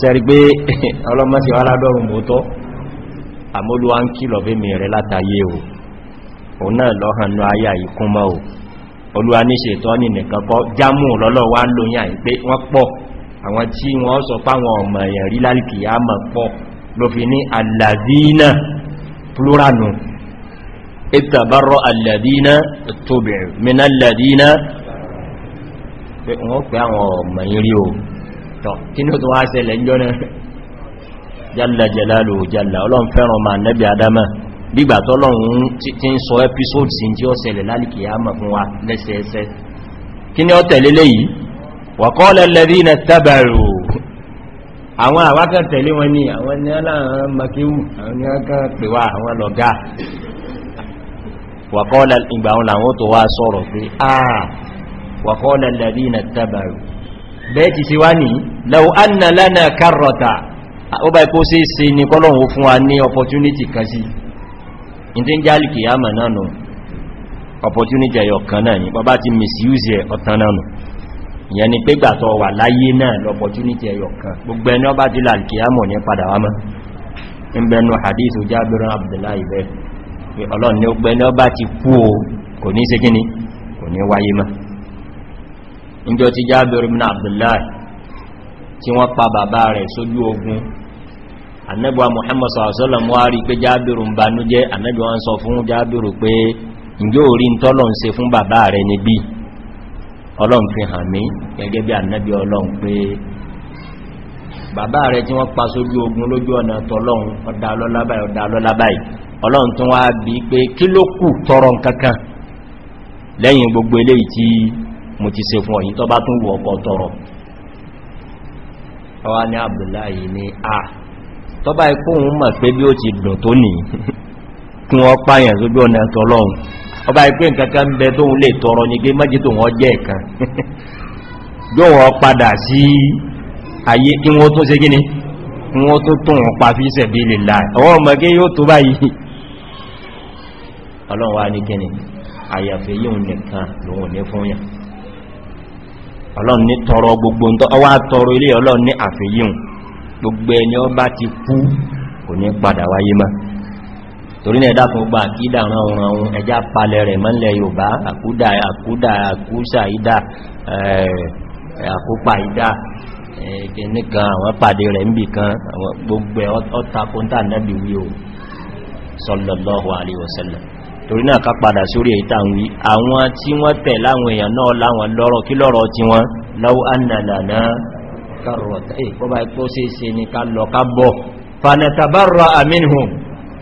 sẹ́rí pé ọlọ́mọ́ sí aládọ́rùn mọ́tọ́ àmúlùwà ń kìlọ̀ fẹ́ mi rẹ̀ látàyé o òun náà lọ́hànú ayà ìkúnmọ́ o olúwa ní ṣètọ́ ní nìkan kọ́ jámù lọ́lọ́ wá ń lóyìn àì pé wọ́n pọ̀ àwọn tí wọ́n sọ páwọn ọmọ èèyàn rí lálìkì á mọ̀ tọ́ kí ní ó tó wá ṣẹlẹ̀ ń jọ́nà jalla jalalu jalla ọlọ́run fẹ́ràn ma nẹ́bí adama bígbà tọ́lọ́run tí ń sọ episodes in tí ó ṣẹlẹ̀ lálìkìyàmà fún wa lẹ́sẹẹsẹ kí ní ó tẹ̀lé léyìí wa qala alladhina tabaru àwọn àwákẹ́ tẹ̀lé wọn ni àwọn bẹ́ẹ̀ ti ṣe wá ní anna lana karrata ó bá ikó sí ṣe ní kọ́lọ̀wọ́ fún wa ní opportunity kan sí in tí náà nù opportunity ẹ̀yọ kan náà ní bọ́bá ti misuse ọ̀tán náà nù ìyẹn ni pé gbàtọ̀ wà láyé náà gbogbo ọba ní níjọ ti Jábir ibn Abdullah tí wọ́n pa bàbá rẹ̀ sójú ogun Ànábì mohamed Muhammad sallallahu alaihi rí pé Jábìrù ń banújẹ́ Ànábì ń sọ fún Jábìrù pé ndị o rí ń fún bàbá rẹ̀ níbí Ọlọ́run fi gẹ́gẹ́ bí bi pé mo ti ṣe fún ọ̀yí tó bá tún wù ọkọ̀ tọrọ ọwá ní Abdullahi ní a tó bá ikú òun mọ̀ pé bí ó ti dùn tó nì kún ọ páyàn sójú ọ̀nà tọ́lọ́run ọba ikú nǹkankan bẹ tóun lè tọrọ ní pé mọ́jí tóun ọjẹ́ ẹ̀kan yóò wọ́n padà sí ayé kí wọ́n tó ṣe gíní wọ́n tó tó wọ́n pa fi ṣẹ̀bí lè láì ọwọ́ ọmọgé yóò tó báyìí ọlọ́run wá ní kíni àyàfẹ́ yíò nìkan lòun ní fún ọlọ́run ní tọrọ gbogbo ń tọ́ ọwá tọrọ ilé ọlọ́run ní àfihàn gbogbo ẹni ọ bá ti kú kò ní padà wáyé má torí ní ẹ̀dá kan gba àkídà ránran ohun ẹjá palẹ̀ rẹ̀ mọ́lẹ̀ Yorùbá àkúdà àkúdà àkúsà ìdá àkópa ìdá torí náà ká padà sórí èyíta wí àwọn tí wọ́n tẹ̀ láwọn èèyàn náà láwọn lọ́rọ̀ kí lọ́rọ̀ tí wọ́n láwọ́ annalana karọ̀tà ìpọ́bá ipò sí ṣe ní ká lọ ká bọ̀ fanatabarra aminhum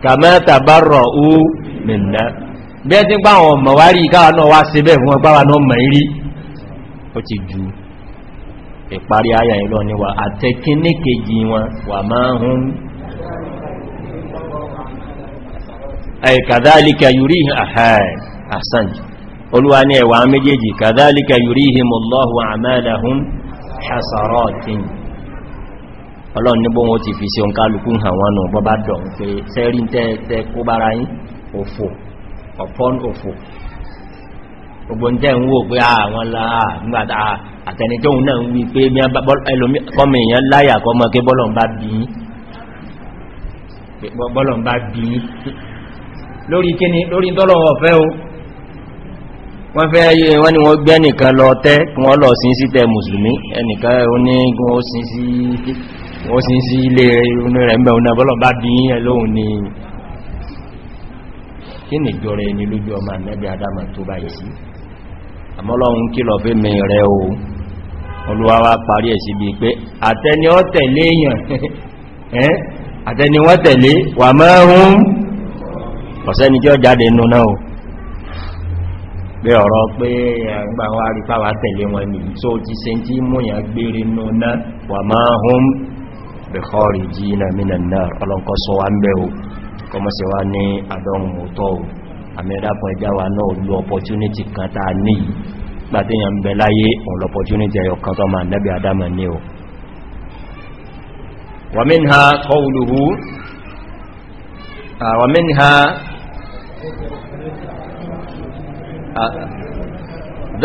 kama tabarra u minna bí ẹ ti gbá àwọn mọ̀wárí káwà náà wá sí bẹ́ fún ọgbáwà náà mọ̀ rí kàdálíkà yúríhìn àhàn olúwa ní ẹ̀wà méjèèjì kàdálíkà yúríhìn mọ̀lọ́hù àmàdàhún hasaratin ọlọ́run níbọn wọ́n ti fi ṣe ń kálukú hàn wọn nù bọ́bá dọ̀n pé sẹ́rí tẹ́ẹ̀tẹ́ kó bára yí òfò ọ̀pọ̀n òfò ogbon tẹ́ ń wò pé àwọn ah, láà ah, nígbàtà ah, àtẹnitóhun náà wí pé kọmọ láyà kọmọ kí bọ́lọ̀ lórí kíni lórí tọ́lọ̀wọ̀ fẹ́ o wọ́n fẹ́ ayé wọ́n ni wọ́n gbé ẹnìkan lọ tẹ́ kí wọ́n lọ sín sí tẹ mùsùlùmí ẹnìkan onígun ó sín sí ilé inú rẹ̀ mẹ́ ọ̀nà bọ́lọ̀ bá bí ẹ lóhun ni kí ni jọ rẹ̀ ni lójú ọmọ ànẹ́bí adama tó báyìí sí parí ẹ̀ bí pé àtẹni ọ tẹ̀lé èèyàn àtẹni wọ́n tẹ̀lé wà mẹ́rún ọ̀sẹ́ni jẹ́ jáde inú náà o pé ọ̀rọ̀ pé àgbà wá rí pàwà tẹ̀lé wọn ni tó ti se tí múyàn gbére inú náà wà máa hún bẹ̀kọ́rì jí iná mìíràn náà ọlọ́nkọ́ sọ wá ń bẹ̀ o kọmọ́sẹ̀ wá ní àdọ́rùn òótọ́ o àmẹ́dàpọ̀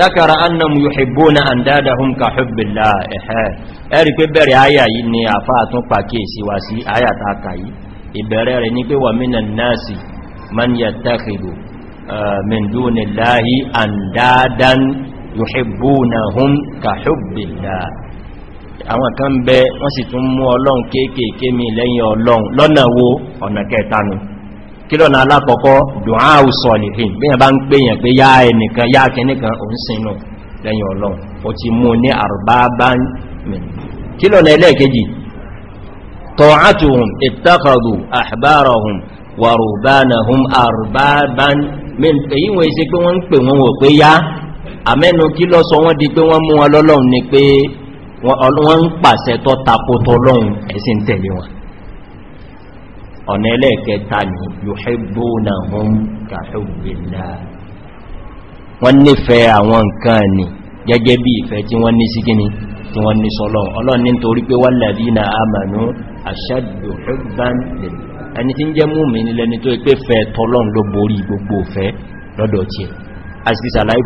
ذكر أنهم يحبون أندادهم كحب الله ẹ̀rí pé bẹ̀rẹ̀ àyà yìí ni àfáà tún pàkí ìsíwá sí àyà tààkà yìí ìbẹ̀rẹ̀ rẹ̀ ní pé wà mínà náàsì man yàtàkìdò min dúnì láhí àndáadán yuhibbunahum kàhùbìlá àwọn kan bẹ wọ́n sì tún mú ọlọ́run kéèkèé mi lẹ́yìn ọlọ́run lọ́nà wo ọ̀nà kẹtanu kí lọ́nà alákọ̀ọ́kọ́ dùnà òsọ̀lẹ̀hìn bí yàn bá ń pè yàn pé yá ẹnìkan yá kìníkan ò ń sinú lẹ́yìn ọlọ́run ó ti mú ní àrùbábá kí lọ́nà ẹlẹ́ẹ̀kejì tọ́átùhùn ìtàkàdù àhbárahùn wàrùbánahùn àrùbábá èyí wọ́n isi pé wọ́n ń pè wọ́n wò pé yá ẹ̀sìn tẹ̀lé wọn ọ̀nà ẹlẹ́ẹ̀kẹta ni yuhibbunahum ka hubbillah wọ́n nífẹ̀ẹ́ àwọn nǹkan ni gẹ́gẹ́ bí ìfẹ́ tí wọ́n ní sí kíní tí wọ́n ní sọ́lọ́run Ọlọ́run ní torí pé walladhina amanu ashaddu hubban lillah ẹni tí ń jẹ́ mùmínì lẹni tó pé fẹ́ tọ́lọ́run ló borí gbogbo ìfẹ́ lọ́dọ̀ tí ẹ̀ àti sàlàyé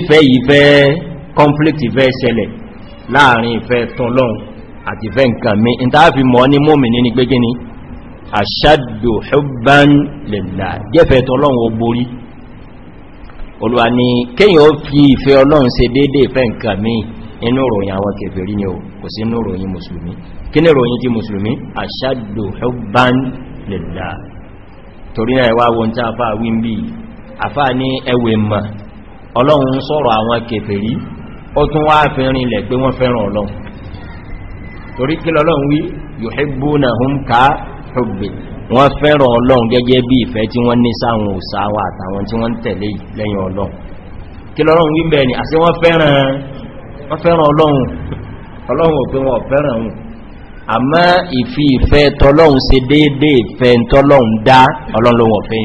fúnra wá ń conflict ìfẹ́ ṣẹlẹ̀ láàrin ìfẹ́ tọ́lọ́un àti ìfẹ́ nǹkan mi in ta fi mọ́ ní mọ́mìnì ní pé gíní ashaddu hubban lillah jẹ́fẹ́ tọ́lọ́un ó borí olúwa ni kéyàn ó fi ìfẹ́ ọlọ́run ṣe déédé ìfẹ́ nǹkan mi inú ròyìn àwọn kèfèrí ni o kò sí inú ròyìn mùsùlùmí kí ní ròyìn ti mùsùlùmí ashaddu hubban lillah torí náà ẹwà wọn tí a fà wí ń bí àfà ní ẹwẹ̀ mọ̀ ọlọ́run sọ̀rọ̀ àwọn kèfèrí ó tún wá fi rinlẹ̀ pé wọ́n fẹ́ràn ọlọ́run torí kí lọ́lọ́run wí yuhibbunahum ka hubbi wọ́n fẹ́ràn ọlọ́run gẹ́gẹ́ bí ìfẹ́ tí wọ́n ní sáwọn òsáwà àtàwọn tí wọ́n tẹ̀lé lẹ́yìn ọlọ́run kí lọ́lọ́run wí bẹ́ẹ̀ ni àti wọ́n fẹ́ràn ọlọ́run ọlọ́run ò pé wọ́n fẹ́ràn ọ̀hún àmọ́ ìfi ìfẹ́ tọ́lọ́run ṣe déédéé ìfẹ́ tọ́lọ́run dá ọlọ́run ò fẹ́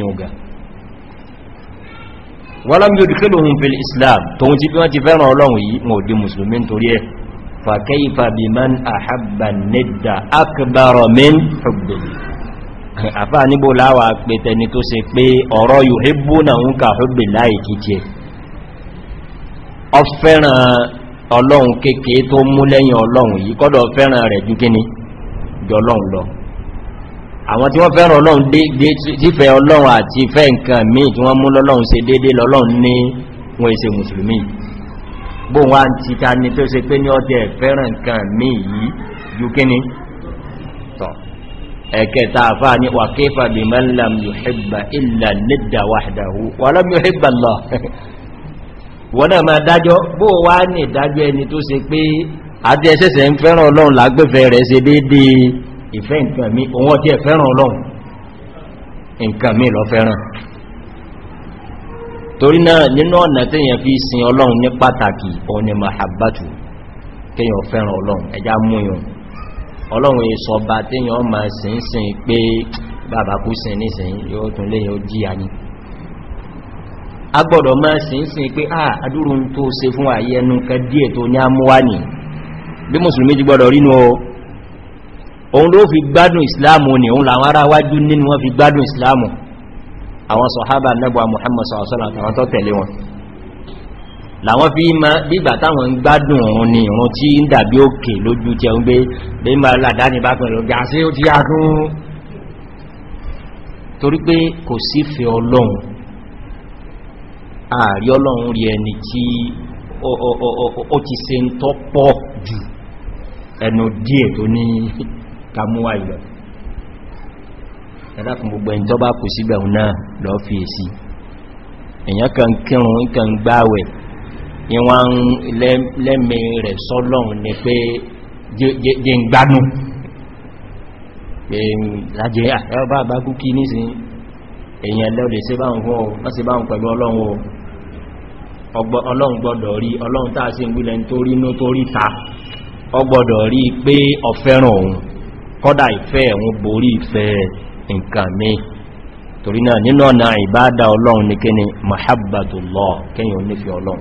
wọ́n lámí yudkhiluhum fil islam tó ń ti fi wọ́n ti fẹ́ràn ọlọ́run yìí mọ̀ òdí musulmi torí ẹ̀ fa kayfa biman ahabba nidda akbar min hubbihi àfá níbò láwà pé tẹni tó se pé ọ̀rọ̀ yuhibbuna ka àwọn tí wọ́n fẹ́ràn ọlọ́run dífẹ́ ọlọ́run àti ìfẹ́ nǹkan míì tí wọ́n mú lọ́lọ́run ṣe dédé lọ́lọ́run ní wọ́n èsè mùsùlùmí bó wá ń ti ta ní tó ṣe pé ní ọdẹ fẹ́ràn nǹkan míì yìí ju kíní tọ̀ ẹ̀kẹta àfá ní wà kéfà bí man ìfẹ́ nǹkan mi òun ọdí ẹ̀ fẹ́ràn ọlọ́run nǹkan mi lọ fẹ́ràn torí náà nínú ọ̀nà tí èyàn fi sin ọlọ́run ní pàtàkì òun ni mahabbatu kéyàn fẹ́ràn ọlọ́run ẹjá múyàn ọlọ́run èso ọba téyàn ma sin sin pé bàbá kú sin nísin yóò tún léyàn ó jíyà ní a gbọ́dọ̀ ma sin sin pé ah adúrún tó ṣe fún àyẹnu kan díẹ̀ tó ní àmúwá ní bí mùsùlùmí ti gbọ́dọ̀ rínú o òun ló fi gbádùn ìsìláàmù ni òun làwọn ará wájú nínú wọn fi gbádùn ìsìláàmù àwọn sọ̀hábà nẹ́gbà Muhammad sọ̀rọ̀sọ́lá àtàwọn tó tẹ̀lé wọn làwọn fi ma bígbà táwọn gbádùn òun ni òun tí ń dàbí òkè lójú tẹ ń gbé bímbà ládáni bá pẹ̀lú gàásí ó ti yàtún torí pé kò ẹnu díẹ̀ tó ní kàmúwà ìlọ ẹ̀dàkùn gbogbo ẹni tó bá kù síbẹ̀ náà lọ fi èsì èyàn kan kírun kan gbáwẹ̀ ìwọ̀n lẹ́mẹ̀ rẹ̀ sọ́lọ́run ni pé jẹ́ ń gbánú lájẹ́ àtẹ́ọ̀bá àbákú kí nísìn èyàn lọ́lẹ̀ sí bá ń fún ọ wọ́n sí bá ń pẹ̀lú ọlọ́run ọlọ́run gbọ́dọ̀ rí ọlọ́run tàà sí ìgbìlẹ̀ tó rí ta ọgbọ́dọ̀ rí pé ọ̀fẹ́ràn òun kọ́dà ìfẹ́ ẹ̀wọ̀n borí ìfẹ́ nǹkan mi torí náà nínú ọ̀nà ìbádà ọlọ́run ní kí ni mahabbatullah kẹ́yàn nífẹ́ ọlọ́run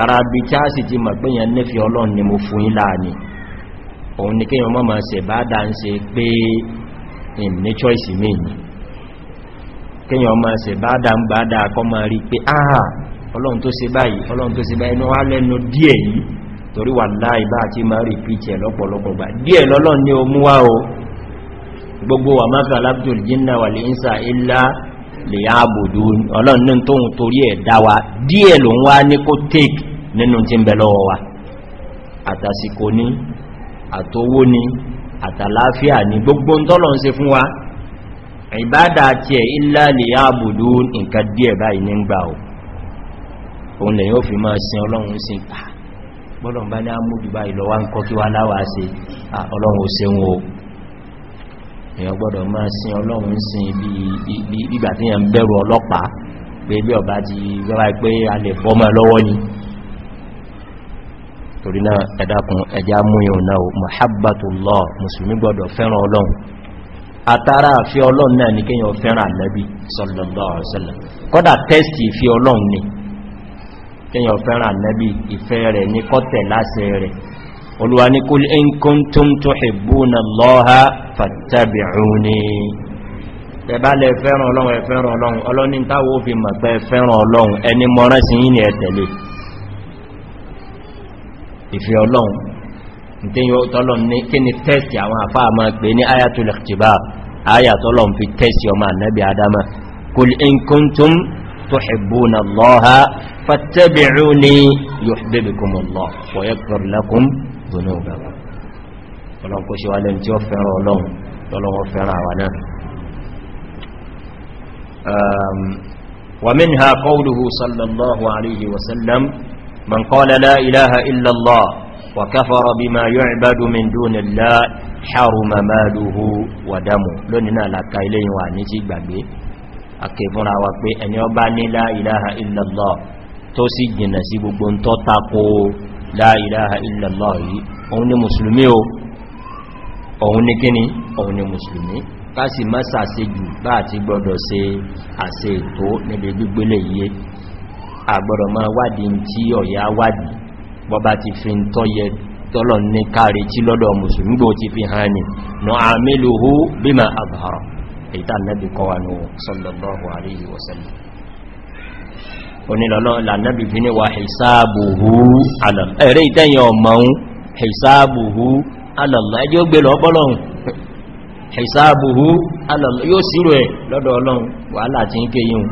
ara bí kí a sì ti mọ̀ nífẹ́ ọlọ́run ni mo fún ilá ni òun ni kẹ́yàn mọ́ máa ṣe bádà ń pé ní choice mi ni ń kọ́ máa rí pé ah ọlọ́run tó báyìí ọlọ́run tó torí wà láì bá àti máa rí pìtì ẹ̀ lọ́pọ̀lọpọ̀ gbà díẹ̀ lọ́lọ́ ní o múwá o gbogbo wà máa kàlábùtò jínà wà lè ń sa ilá lè ábòdó ọlọ́nà tóhun torí ẹ̀ dáwà díẹ̀ ló ń wá ní kó take nínú tí ń bẹ ẹ̀ ilá lè ábòdó nǹkan díẹ̀ báyìí ní ń gbà ò òun lè yóò fi máa sin ọlọ́run sí ta bọ́lọ̀ bá ní àmójú bá ìlọ́wà ń kọ́ kí wá láwà sí ọlọ́run òṣèwò èyàn gbọ́dọ̀ máa sin ọlọ́run sin ìgbà tí yàn bẹ̀rù ọlọ́pàá pé bí ọba ti gbọ́wà pé a lè bọ́mọ lọ́wọ́ ni torí náà ẹ̀dàkùn ẹja múyàn náà mahabbatullah musulmi gbọ́dọ̀ fẹ́ràn ọlọ́run àtàrà fi ni kíyàn fẹ́ràn nẹ́bí ìfẹ́ rẹ̀ ní kọ́tẹ̀ láṣẹ rẹ̀ olúwa ní kul in kuntum tuhibbuna Allaha fattabi'uni tẹbálẹ̀ fẹ́ràn ọlọ́run ẹ̀fẹ́ràn ọlọ́run ọlọ́ni táwọ́ fi mọ̀ pé fẹ́ràn ọlọ́run ẹni mọ́rán sí tẹ́sì ọmọ ànẹ́bì adama kul in kuntum تحبون الله فاتبعوني يحببكم الله ويغفر لكم ذنوبكم ọlọ́run kó ṣe wà lẹ́nu tí ó fẹ́ràn ọlọ́run lọ́lọ́wọ́ fẹ́ràn àwà náà wà mí ha kọ́wùlùhù sallallahu alayhi wasallam man kọ́lá láìláha illallah wa káfàrọ̀ bí ma yóò ìbádù min dúnilá haruma maluhu wa damu lónìí náà láka ilé yíwa ní sí gbàgbé akẹfúnra wa pé ẹni ọba ní la ilaha illallah tó sì jìnà sí gbogbo ń tọ́ tako la ilaha illallah yìí òun ni musulmi o òun ni kíni òun ni musulmi kásì má sàṣe jù bá àti gbọdọ̀ ṣe àṣe ètò níbi gbígbélé yìí àgbọdọ̀ máa wádìí tí ọ̀yá wádìí tọ́lọ̀ ní káàrí tí lọ́dọ̀ musulmi gbò ti fi hàn ní nọ àmìlòhó bí ma àbára ìta nẹ́bì kọwànú sallallahu alayhi wa sallam onílọ́lọ́lá nẹ́bì fi ní wa hisabuhu ala Allah ẹ̀rẹ́ ìtẹ́yìn ọmọun hisabuhu ala Allah ẹjẹ́ gbé lọ bọ́lọ́hun hisabuhu ala Allah yóò sírò ẹ̀ lọ́dọ̀ ọlọ́run wàhálà ti ń ké yíun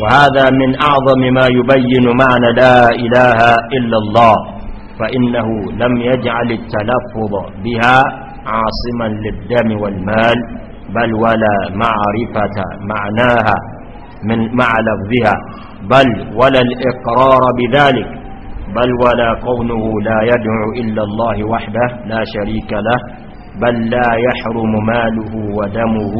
wa hadha min a'zami ma yubayyinu ma'na la ilaha illa Allah fa innahu lam yaj'al at-talaffuz biha عاصما للدم والمال بل ولا معرفة معناها من مع لفظها بل ولا الإقرار بذلك بل ولا قونه لا يدعو إلا الله وحده لا شريك له بل لا يحرم ماله ودمه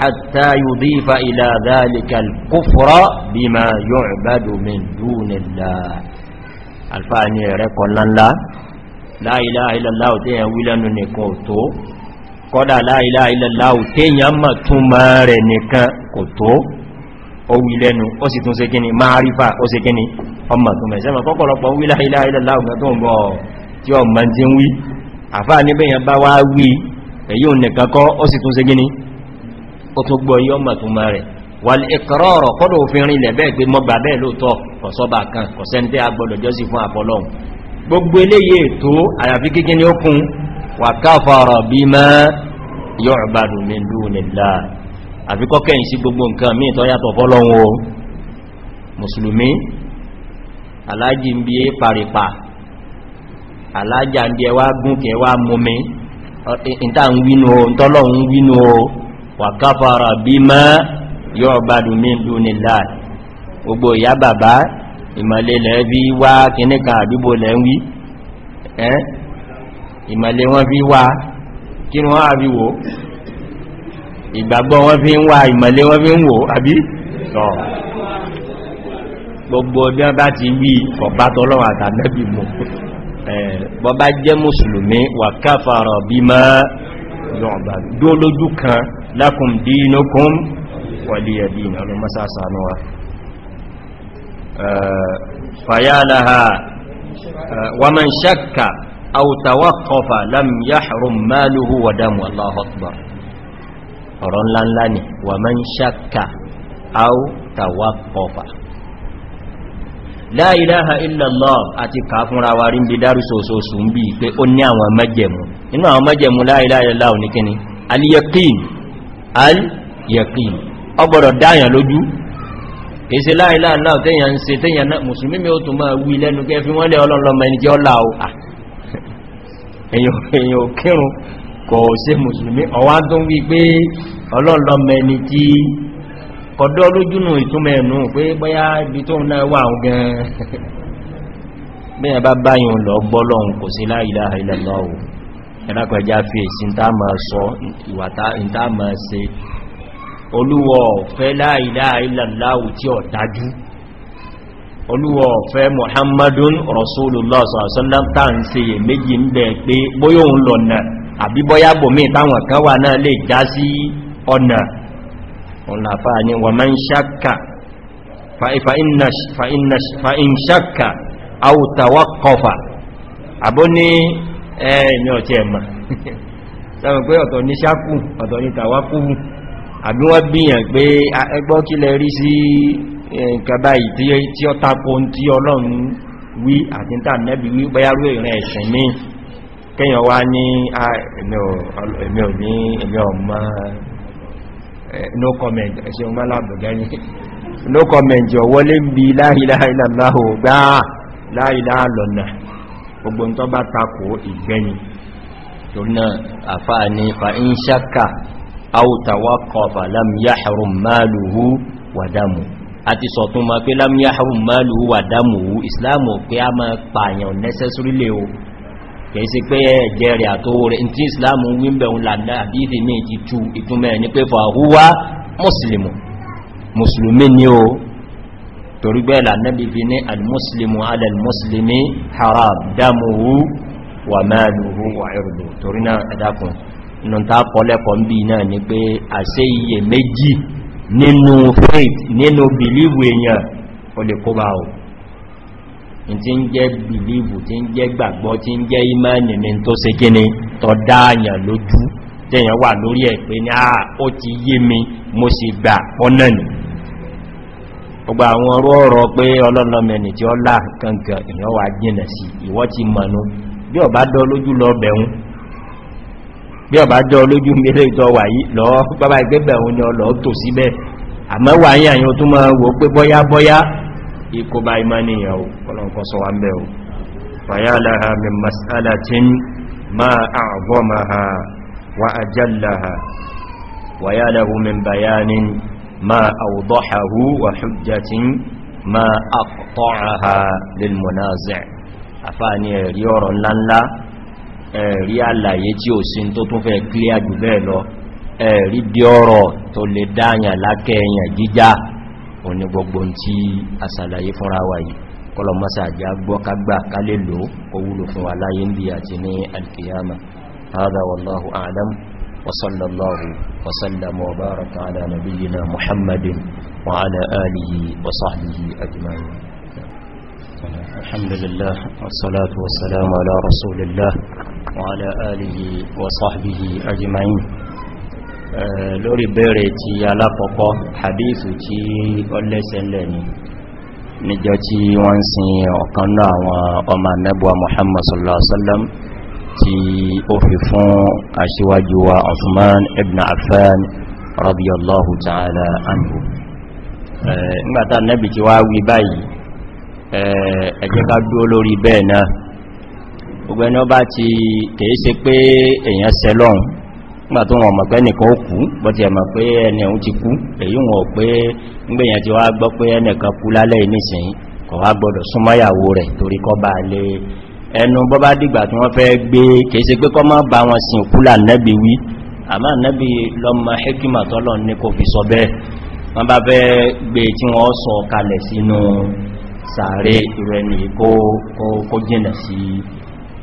حتى يضيف إلى ذلك الكفر بما يعبد من دون الله الفاني ريكون لن لا la ilaha illallah tí yẹn wí lẹ́nu nìkan tó la ilaha illallah tí yẹn mọ̀ tún mọ́ rẹ̀ nìkan kò tó ó wí lẹ́nu ó sì tún ṣe kíni máàrífà ó la ilaha illallah tó ń bọ̀ tí ọmọ tí ń wí àfáà níbẹ̀ yẹn bá wá wí èyí ò nìkan kọ́ ó sì tún ṣe kíni ó tún gbọ́ yí ọmọ tó mọ́ rẹ̀ gbogbo eléyè tó àyàfi kíkí ní ókun wà káfàrọ̀ bí mọ́ yóò àbàdù mẹ́lú nìlá àfikọ́ kẹ́yìn sí gbogbo nǹkan mí tó yàtọ̀ fọ́lọ́wọ́ mùsùlùmí alájì ń bí paripa alájà ń bí ẹwà gúnkẹ́ wà mọ́mí ìta ń wínú o ìtọ́lọ̀ ń wínú o wà káfàrọ̀ bí mọ́ yóò àbàdù mẹ́lú nìlá gbogbo ìyá bàbá ìmàlẹ̀ lẹ́ fi wá kìníkà àdúgbò lẹ́ ń wí ẹ́ ìmàlẹ̀ wọ́n fi wá kí wọ́n á fi wò ìgbàgbọ́ wọ́n fi ń wá ìmàlẹ̀ wọ́n fi ń wò àbí sọ gbogbo bí wọ́n bá ti wí kọ̀bá tọ́lọ́wà mọ́ yọ̀nbà dó lójú kan fayalaha waman shakka aw tawaqqafa lam yahrum maluhu wa damu Allahu akbar ọ̀rọ̀ ńlá ńlá ni waman shakka aw tawaqqafa la ilaha illallah àti kàfúnra wa rí ń bí dárúsọ̀sọ̀sọ̀ ń bí pé ó ní àwọn mẹ́jẹ̀mú inú àwọn mẹ́jẹ̀mú la ilaha illallah ní kíni al-yaqin al-yaqin ó gbọ́dọ̀ dáyàn kèèsè láìlá náà tẹ́yàn ń se tẹ́yàn náà mùsùlùmí mi ó tún máa wí lẹ́nu kẹ́ fi wọ́n lẹ́ ọlọ́lọ́mọ ẹni jẹ́ ọlá o èyàn ò kírun kò sí mùsùlùmí ọwá tó ń wí pé ọlọ́lọ́mọ ẹni tí kọ̀dọ́ lójúnù ìtúnmẹ̀ ẹ̀nù pé bọ́yá ibi tó ń náà wà gan-an bẹ́yàn bá báyàn lọ gbọ́lọ́hun kò sí láìlá ilẹ̀ lọ́wọ́ ẹ̀lápẹ̀já fi èsì ń tá máa sọ ìwà ń tá máa se olúwọ̀ ọ̀fẹ́ láìláà ìlàláwù tí ó dájú olúwọ̀ ọ̀fẹ́ muhammadun rasulullah sallallahu ta ń se yẹ méjì ń bẹ̀ pé bóyá òun lọ̀nà àbí bóyá bòmí táwọn kan wà náà lè já sí ọ̀nà ọ̀nàfà ni ẹ̀mà sẹ́wọ̀n pé ọ̀tọ̀ ní ṣákù ọ̀tọ̀ ní tàwákùrù àbí wọ́n bíyàn pé ẹgbọ́ kí lẹ rí sí nǹkan báyìí tí ó tako tí ọlọ́run wí àti tàà nẹ́bí wí bẹ́yàrú ìrìn ẹ̀ṣìn mí kíyàn wá ní ẹ̀mí ò ẹ̀mí ọmọ no comment ẹ̀ṣẹ́ ọmọ alábọ̀gá ní no comment ọwọ́lé ń bí láìláìláìláò gbá láìláàlọ́nà gbogbo ń tọ́ bá tako ìgbẹ́ni torí náà àfáà ní àwòtàwàkọ̀fà lámìyàhàrùn máàlùú wàdámù àti sọ̀tún ma pé lámìyàhàrùn máàlùú wàdámù islamu pé a máa pààyàn necessary lè o kìí sí pé ẹ̀jẹ́ rẹ̀ àtó rẹ̀ tí islamu wímbẹ̀un làdá àdídì ní ti tú ìtumẹ̀ ní pé fàhúwá mùsùlùmù mùsùlùmí ni o torí bẹ́ẹ̀ lànàbí fi ní alìmùsùlùmù alìmùsùlùmí haram dámuhu wà máàlùú wà ìrùlù torí náà ẹ̀dàkùn inúta kọlẹ́kọ̀ ń bí náà ni pé àṣẹ iye méjì nínú faith nínú believe èèyàn o lè kó bá o tí ń jẹ́ believe tí ń jẹ́ gbàgbọ́ tí ń jẹ́ imani ni tó se kíni tọ́ dáàyàn lójú tẹ́yàn wà lórí ẹ̀ pé ní àà ah, ó ti yé mi mo sì gbà pọ́nà nì ọgbà àwọn ọ̀rọ̀ ọ̀rọ̀ pé ọlọ́lọ́mẹni tí ọlá kankan èèyàn jìnà sí ìwọ́ ti mọ̀nú bí ọ̀bá dọ́ lójú lọ bẹ̀rún bí ọba jọ olójú mẹ́rẹ̀ ìtọ́ wà yìí lọ bábá ìgbẹ́gbẹ̀ òun yọ lọ tò síbẹ̀ àmọ́ wà ní àyàn tó máa wò pé bọ́yá bọ́yá ìkọba ìmánìyàn ò kọlọ̀nkọ́ sọ wá mẹ́ o fàyàláha mi masalatin ma àbọ́maha ẹ̀rí àlàyé tí ò sí tó tún fẹ́ clear jù bẹ́ẹ̀ lọ ẹ̀rí bí ọ̀rọ̀ tó lè dáyàn lákẹ́ẹ̀yàn jíjá òní gbogbo tí a sàlàyé fúnra wa yìí kọlọmọ́sà àjá gbọ́kagbà ká lè lò ó wúlò fún wa láyé àti ní alkiyama هذا والله أعلم وصلى الله وسلم وبارك على نبينا محمد وعلى وصحبه أجمعين الحمد لله والصلاة والسلام على رسول الله وعلى آله وصحبه أجمعين lórí bẹ̀rẹ̀ tí alákọ̀ọ́kọ́ hadithu tí ó lẹ́sẹ̀lẹ̀ ni níjọ tí wọ́n sin ọ̀kan náà àwọn ọmọ nẹ́bùwa Muhammad sallallahu alaihi wasallam tí ó fi fún aṣíwájú wa Uthman ibn Affan gbogbo ẹni ọba ti kèé ṣe pé èyàn ṣẹ lọ́run nígbà tó wọn mọ̀ pé ẹnìkan ó kú bọ́ ti ẹ̀mọ̀ pé ẹni ẹ̀hún ti kú èyí wọn pé ngbèyàn ti wá gbọ́ pé ẹnìkan kú lálẹ́ ìnísìn kọ̀ wá gbọ́dọ̀ súnmọ́yàwó rẹ̀ torí kọ́ bá lé ẹnu bọ́ bá dìgbà tí wọ́n fẹ́ gbé kèé ṣe pé kọ́ má bá wọn sin òkú là wí àmá nẹ́bi lọ́mọ hekima tọ́lọ̀ ní kò fi sọ bẹ́ẹ̀ wọ́n bá fẹ́ gbé e tí wọ́n sọ kalẹ̀ sínú sàárè ìrẹ́ni kó jìnà sí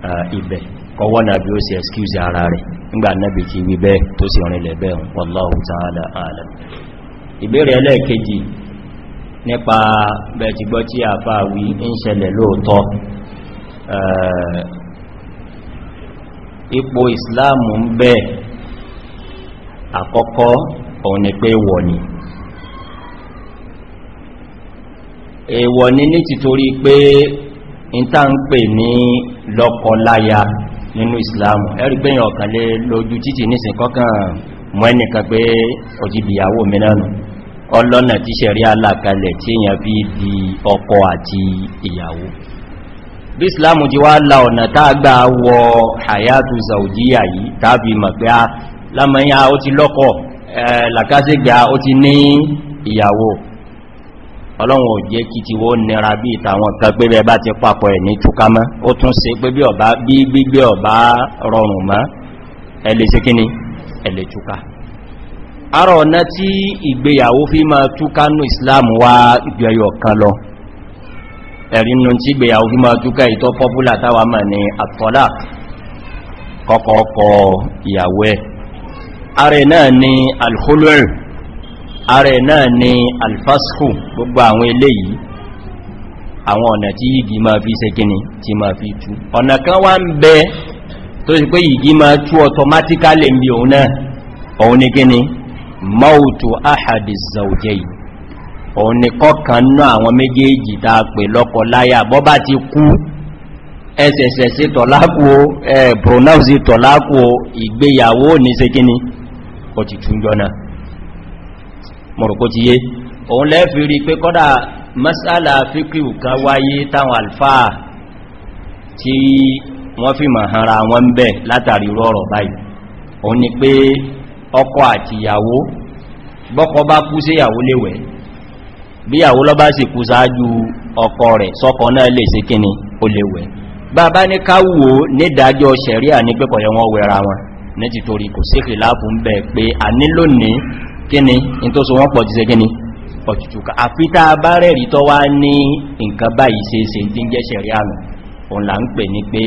Eh, ibẹ̀ kọwọ́nà bí ó sì excuse ara rẹ̀ nígbà náàbì ti wí bẹ́ẹ̀ tó sì rìn lẹ̀ bẹ́ẹ̀ wallahu ta'ala alam ìbéèrè ẹlẹ́ẹ̀kejì nípa eh, ni pé ìta ń pè ní lọ́kọláya nínú islamu ẹ̀rí pé yàn ọ̀kan lé lójú títì nísìn kọ́kàn mọ́ ẹnìkan pé òjìbìyàwó mìírànù ọlọ́nà tí sẹ̀rí alákalẹ̀ tí èyàn fi di ọkọ àti ìyàwó bí islamu ti wá la ọ̀nà tágbà wọ hayatu saudiya yìí tàbí mọ̀ ah, lámọ́yá ah, ó ti lọ́kọ làkásígbà ah, ó ti ní ìyàwó ọlọ́run ò jẹ́ kí ti wọ́n nira bí ìtàwọn kan pé bẹ́ẹ̀ bá ti papọ̀ ẹ̀ ní túkámọ́ ó tún ṣe pé bí ọba bí gbígbé ọba rọrùn mọ́ ẹlẹ́ sí kíní ẹlẹ́ túká ara ọ̀nà tí ìgbéyàwó fi máa túká ní islam wá ìgbẹ̀yọ̀ kan lọ ẹ̀rínú tí ìgbéyàwó fi máa túká ìtọ́ pọ́pùlà táwà mọ̀ ní àtọ́lá kọ́kọ́ ìyàwó ẹ̀ ààrẹ náà ni gbogbo àwọn eléyìí àwọn ọ̀nà tí yìí máa fi ṣe tí máa fi tú ọ̀nà kan wá ń bẹ tó sì pé yìí máa tú automatically ń bí náà òun ni kíni mautu òun ni kọkàn náà àwọn méjèèjì ta pè lọ́kọ láya bọ́ bá ti kú mọ̀rọ̀kó ti yé òun lẹ́fì rí pé kọ́dà masala fíkíù kan wáyé táwọn alfáà tí wọ́n fi mọ̀ hanra wọn bẹ̀ látàrí rọrọ̀ báyìí òun ni pé ọkọ àti ìyàwó bọ́kọ bá kú sí ìyàwó léwẹ̀ bí ìyàwó lọ bá sì kú sáájú ọkọ rẹ̀ sọ́kọ náà lè sí kíni ó léwẹ̀ bàbá ní káwò ní dájọ́ sẹ̀ríà ní pẹ́kọ̀ọ́ wọn wẹ̀ra wọn ní títorí kò sí ìlàpù ń bẹ̀ pé a nílò ní kíni in tó so wọ́n pọ̀ jíṣẹ́ kíni ọ̀tùtùkà àfíta bá rẹ̀rí tọ́ wá ní nǹkan báyìí ṣe ṣe tí ń jẹ́ ṣẹ̀rí àmì òun là ń pè ní pé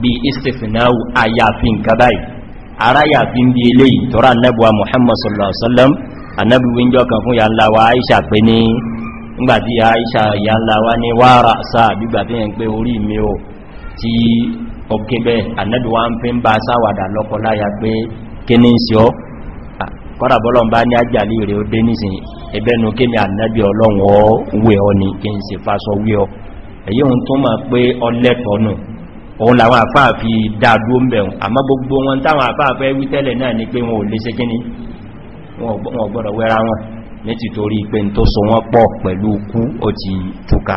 bí istifinahu àyàfi nǹkan báyìí ara ń bí eléyìí tọ́rọ annabuwa muhammad sallallahu alaihi wasallam annabi wíńjọ kan fún ya ńlá aisha pé ní ngbàtí aisha ya ńlá wa ní wára sáà gbígbàtí yẹn pé orí mi o tí ọkẹ́ kọ́dà bọ́lọ̀ bá ní àjàlì rẹ̀ ó dé nísìn ẹbẹ́nu kí ni ànẹ́bí ọlọ́run ọ wé ọ ni kí n sì fásọ wé ọ èyí ohun tó máa pé ọlẹ́tọ̀ nù òun làwọn àfáà fi dáadó ń bẹ̀rùn àmọ́ gbogbo wọn táwọn àfáà fẹ́ wí tẹ́lẹ̀ náà ni pé wọn ò lè ṣe kíní wọn gbọ́dọ̀ wẹ́ra wọn ní títorí pé n tó so wọ́n pọ̀ pẹ̀lú kú ó ti túká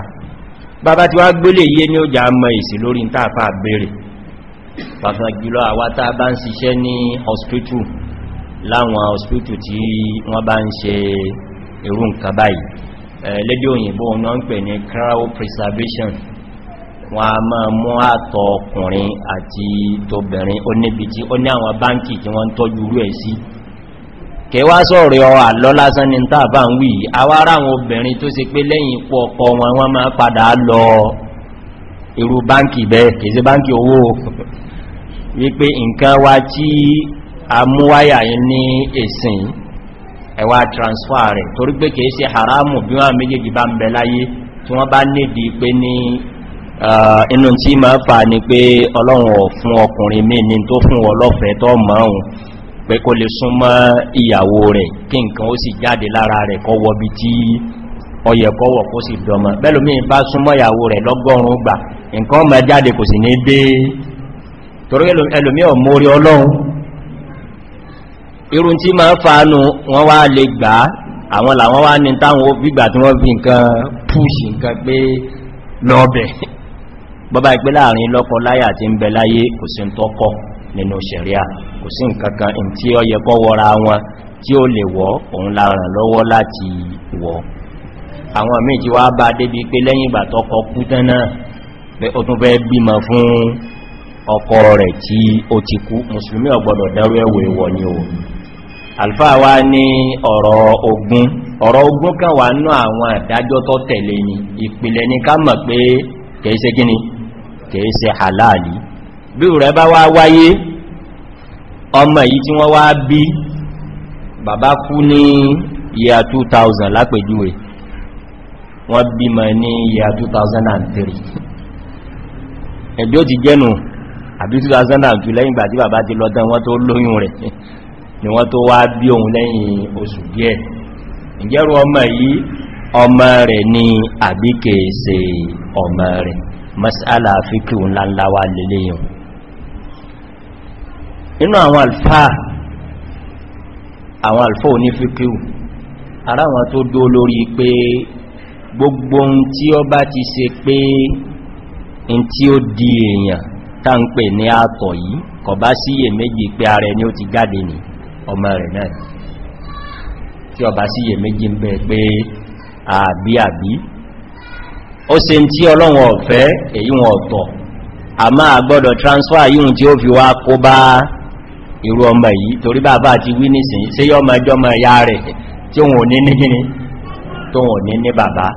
bàbá tí wá gbélé yé ní ó mọ ìsì lórí ń tàfà béèrè pàtàkì lọ àwátá bá ń siṣẹ́ ní hospital láwọn hospital tí wọ́n bá ń ṣe irú nǹkan báyìí lédè òyìnbó wọn ń pè ní cryopreservation wọn a máa mú àtọ̀ ọkùnrin àti tóbìnrin ó níbi tí ó ní àwọn báńkì tí wọ́n ń tọ́jú irú ẹ̀ sí kẹwàá sọ̀rọ̀ àlọ́ lásán ní tàbà ń wì awárá àwọn obìnrin tó ṣe pé lẹ́yìn ipò ọkọ wọn wọ́n máa padà lọ irú báńkì bẹ́ẹ̀ kèsí báńkì owó wípé nǹkan wa tí àmúwáyà yìí ní ẹ̀sìn ẹwà transfer rẹ̀ torí pé kìí sí haramu bí wọ́n méjèèjì bá ń bẹ láyé tí wọ́n bá nìdí pé ní inú tí ma fà ní pé ọlọ́run fún ọkùnrin mí ní tó fún ọlọ́fẹ́ tó mọ́un pé kó lè súnmọ́ ìyàwó rẹ̀ kí nǹkan ó sì jáde lára rẹ̀ kọ́ wọbi tí ọyẹ̀ kọ́wọ̀ kó sì dọmọ bẹ́lùmí bá súnmọ́ ìyàwó rẹ̀ lọ́gọ́rùn-ún gbà nǹkan mọ́ jáde kò sì ní dé torí ẹlòmí ọmọ orí ọlọ́run irun tí ma ń fàánù wọ́n wá lè gbà àwọn làwọn wá ní táwọn gbígbà tí wọ́n fi nǹkan púùsì nǹkan pé lọ́ọ̀bẹ̀ bọ́bá ìpé láàrin lọ́kọ láyà tí ń bẹ láyé kò sí tọ́kọ nínú ṣẹ̀ríà kò sí nǹkankan in tí ó yẹ kọ́ wọra wọn tí ó lè rẹ̀ tí ó ti kú mùsùlùmí ò dárú ẹ̀wọ̀ ìwọ̀ ni o Alfa wá ní ọ̀rọ̀ ogun ọ̀rọ̀ ogun kan wà ní àwọn àdájọ́ tó tẹ̀lé ni ìpìlẹ̀ ní ká mọ̀ pé kèése gíní kèése halali bí rẹ̀ bá wá wáyé ọmọ yìí tí wọ́n wá bí bàbá kú ní year 2000 lápèjúwe wọ́n bí mọ̀ ní year 2003 ẹ̀bí ó ti jẹ́nu àbí 2002 lẹ́yìn gbà tí bàbá ti lọ́dán wọ́n tó lóyún rẹ̀ ni wọ́n tó wá bí òun lẹ́yìn oṣù díẹ̀ ìjẹ́rù ọmọ yìí ọmọ rẹ̀ ni àbí kèèsè ọmọ rẹ̀ masala fíkì ńláńláwà lélẹ́yìn nínú àwọn alfáà àwọn alfáà ò ní fíkì ara wọn tó dó lórí pé gbogbo ohun tí ó bá ti ṣe pé in tí ó di èèyàn tá ní àtọ̀ yìí kọ̀ bá síyè pé ara ẹni ó ti jáde nìí ọmọ rẹ̀ náà tí ọba sí yẹ méjì ń bẹ pé àbí àbí ó se tí ọlọ́run ọ̀fẹ́ èyí wọn ọ̀tọ̀ a máa gbọ́dọ̀ transfer yíhun tí ó fi wá kó bá irú ọmọ yìí torí bàbá àti wínìsìn sí ọmọ ẹjọ́ ọmọ ẹ̀yà rẹ̀ tí wọn ò ní ní tó wọn ní ní bàbá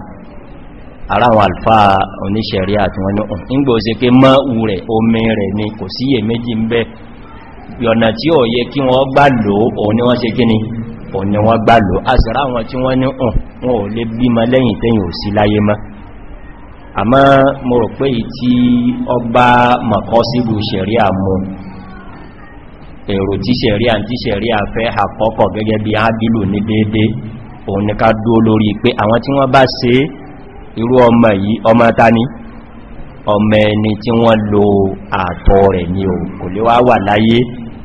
ara alfa oníṣẹ̀rí àti wọn ní ọ̀n nígbò ó se pé mọ́ ù rẹ̀ omi rẹ̀ ni kò síyè méjì ń bẹ́ẹ̀ yọ̀nà tí ó yẹ kí wọ́n gbà lò òun ni wọ́n ṣe gíní òun ni wọ́n gbà lò a sì ráwọn tí wọ́n ní ùn wọn ò lè bímọ lẹ́yìn tẹ́yìn ò sí láyé mọ́ àmọ́ mo rò pé tí ọba mọ̀kọ́ síbù sẹ̀ríà mú èrò tí sẹ̀ríà tí sẹ̀ríà fẹ́ àkọ́kọ̀ gẹ́gẹ́ bí ádìlù ní déédé ọmọ ẹni tí wọ́n lo àtọ̀ rẹ̀ ni ò kò lè wá wà láyé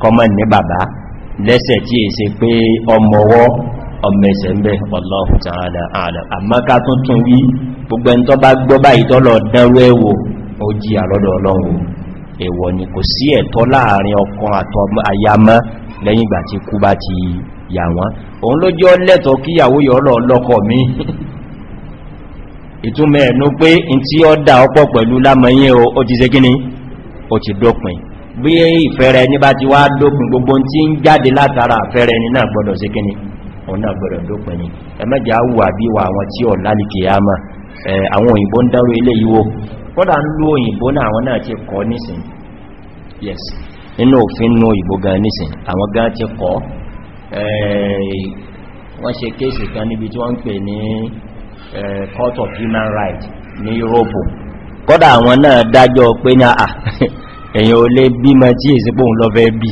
kọmọ̀ ní bàbá lẹ́sẹ̀ tí è se pé ọmọwọ́ ọmọ ẹsẹ̀ ń bẹ́ ọlọ́hùn tààdà ààlà àmọ́ká tó tún wí gbogbo ẹni tó bá gbọ́ báyìí tọ́lọ̀ dánrú ẹ̀wò ó jí àlọ́dọ̀ ọlọ́run èwọ̀ ni kò sí ẹ̀tọ́ láàrin ọkàn àtọmọ ayamọ́ lẹ́yìn ìgbà tí kú bí ìfẹ́rẹ̀ ní bá ti wá dópin gbogbo tí ń jáde látara fẹ́rẹ̀ ní náà gbọdọ̀ sí kíní òun náà gbọdọ̀ dópin ní ẹmẹ́jà wù àbí wà àwọn tí ọ̀lá lè kìí àmà àwọn òyìnbó ń dáró ilé yíwó kọ́dà ń ló òyìnbó náà àwọn náà ti kọ nísìn yes nínú òfin nú òyìnbó gan nísìn àwọn gan ti kọ́ wọ́n ṣe kéèsì kan níbi tí wọ́n ń pè ní court of human rights ní Europe kọ́dà àwọn náà dájọ́ pé ní àà ah, èyàn ò lè bí ma tí èsì pòun lọ fẹ́ bí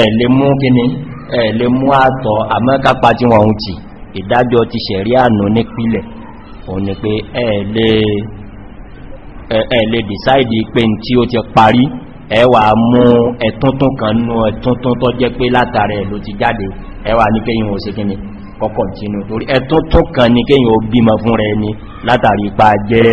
ẹ̀ lè mú kíní ẹ̀ lè mú àtọ̀ àmọ́kápá tí wọ́n ti ìdájọ́ ti ṣẹ̀rí ànú nípìlẹ̀ òun ni pé ẹ̀ lè dìsáìdì pé tí ó ti parí ẹwà mú ẹ̀túntún kan nú tó jẹ́ pé látàrẹ ló ti jáde ẹwà ní kéyìn ò sí kíní kọ́kọ̀ntínú torí ẹ̀túntún kan ní kéyìn ó bímọ fún rẹ ni látàrí ipa jẹ́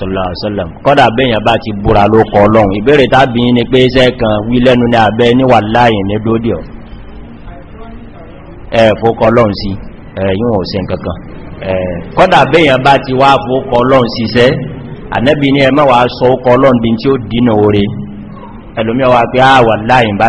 sọ́lọ̀sọ́lọ̀ kọ́dà bẹ́yàn bá ti búra ló kọ ọlọ́run ìbẹ̀rẹ̀ tàbí ní pé iṣẹ́ kan wí lẹ́nu ní abẹ́ níwà láyìn ní dódí ọ̀ ẹ̀fókọ ọlọ́run sí ẹ̀yíwọ̀n òsẹ́ kankan kọ́dà bẹ́yàn bá ti wá fókọ ọlọ́run síṣẹ́ ànẹ́bí ní ẹmọ́ wà sọ ókọ ọlọ́run bí tí ó dínà oore ẹlòmíọ́ wá pé àwà ah, láyìn bá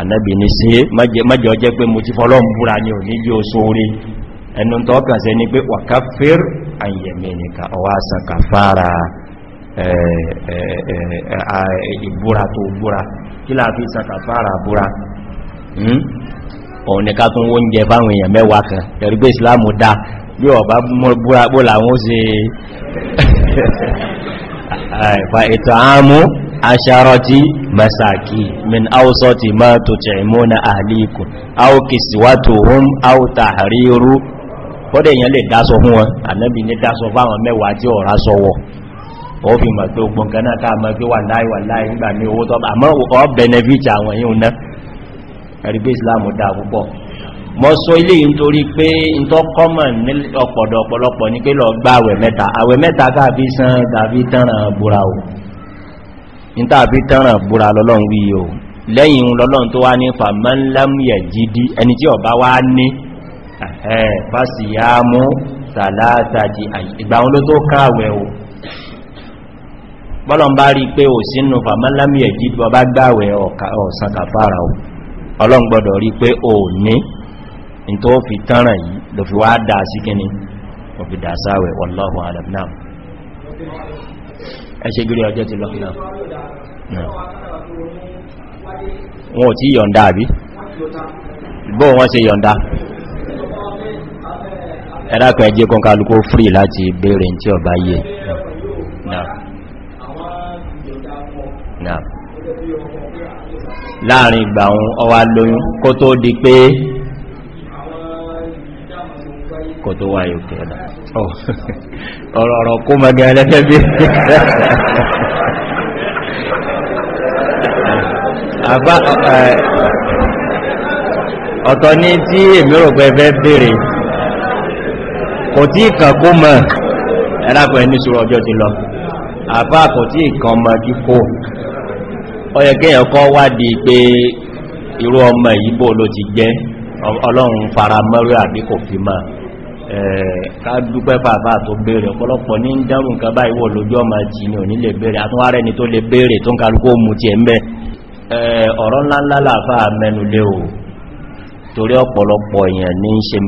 ànábì ní sí mẹ́jọ jẹ́ pé mo ti fọ́lọ́m búra ní òní jí oṣù orí ẹnu tó kàṣẹ ní pé wàkáfír àyẹ̀mì nìkan ọwá sàkà fara ìbúra tó búra kí láàfí sàkà fara búra ọ̀nìká hmm? tún oúnjẹ fáwọn èèyàn mẹ́wàá kan tẹ̀rí pé dá bí ọ̀bá búra bó làwọn ó se fa ètò àámú asharati masaki min awsati ma tut'imuna ahlikum aw kiswatuhum aw tahriru kódé èyàn lè dáṣọ fún wọn ànábì ní dáṣọ fáwọn mewa tí ora sowo o fi mọ̀ to gbọ̀ngán náà ka wà láì wà láì nígbà ní owó tọ́ àmọ́ o benefit àwọn yíò náà ẹ̀rígbé islam dá púpọ̀ mọ́ sọ ilé nítorí pé ìtọ́kọ́mọ̀ ní tàbí tánràn búra lọ́lọ́run wí o lẹ́yìn lọ́lọ́run tó wá ní fàmánlámìyà jídí ẹni tí ọba wá ní fásíyàmú tàlátàjì ìgbàun ló tó káàwẹ̀ o bọ́lọ̀n bá rí pé ò sínú fàmánlámìyà jídí ọba gbáwẹ̀ ọ̀sán o ọlọ́run gbọ́dọ̀ rí pé ò ní in tó fi tánràn yìí lò fi wá dáa sí kíní ẹṣẹ́ gírí ọjọ́ ti lọ náà wọn ò tí yọ̀ǹda àbí bó wọ́n ṣe yọ̀ǹda ẹ̀dàkọ̀ ẹjẹ́ kan kálukó frí láti bèèrè tí ọ bá yẹ láàrin ìgbà òun ọwà lóyún kó tó di pé kò tó wáyé òkè ọ̀rọ̀ ọ̀rọ̀ kó mẹ́gẹ̀ ẹlẹ́fẹ́ bí ọ̀tọ̀ ní tí èmi rò pé fẹ́ bèèrè kò tí ìkàn kó mọ̀ ẹ̀lápẹ̀ ní ṣúrọ̀ ọjọ́ ti lọ àbá kò tí ìkàn ọmọ ìyíbò ló ti je ọlọ́run fara mọ́rí àbí fi máa ká dúpẹ́ fàfà tó bèèrè ọ̀pọ̀lọpọ̀ ní dárù nǹkan báyìí wọ̀ lójú ọmọ jì ní òní lè bèèrè àtúnwà ni tó lè bèèrè tó ń kàrùkú mú ti ọ̀rọ̀ ńláńlá o torí ọpọlọpọ n'i ṣe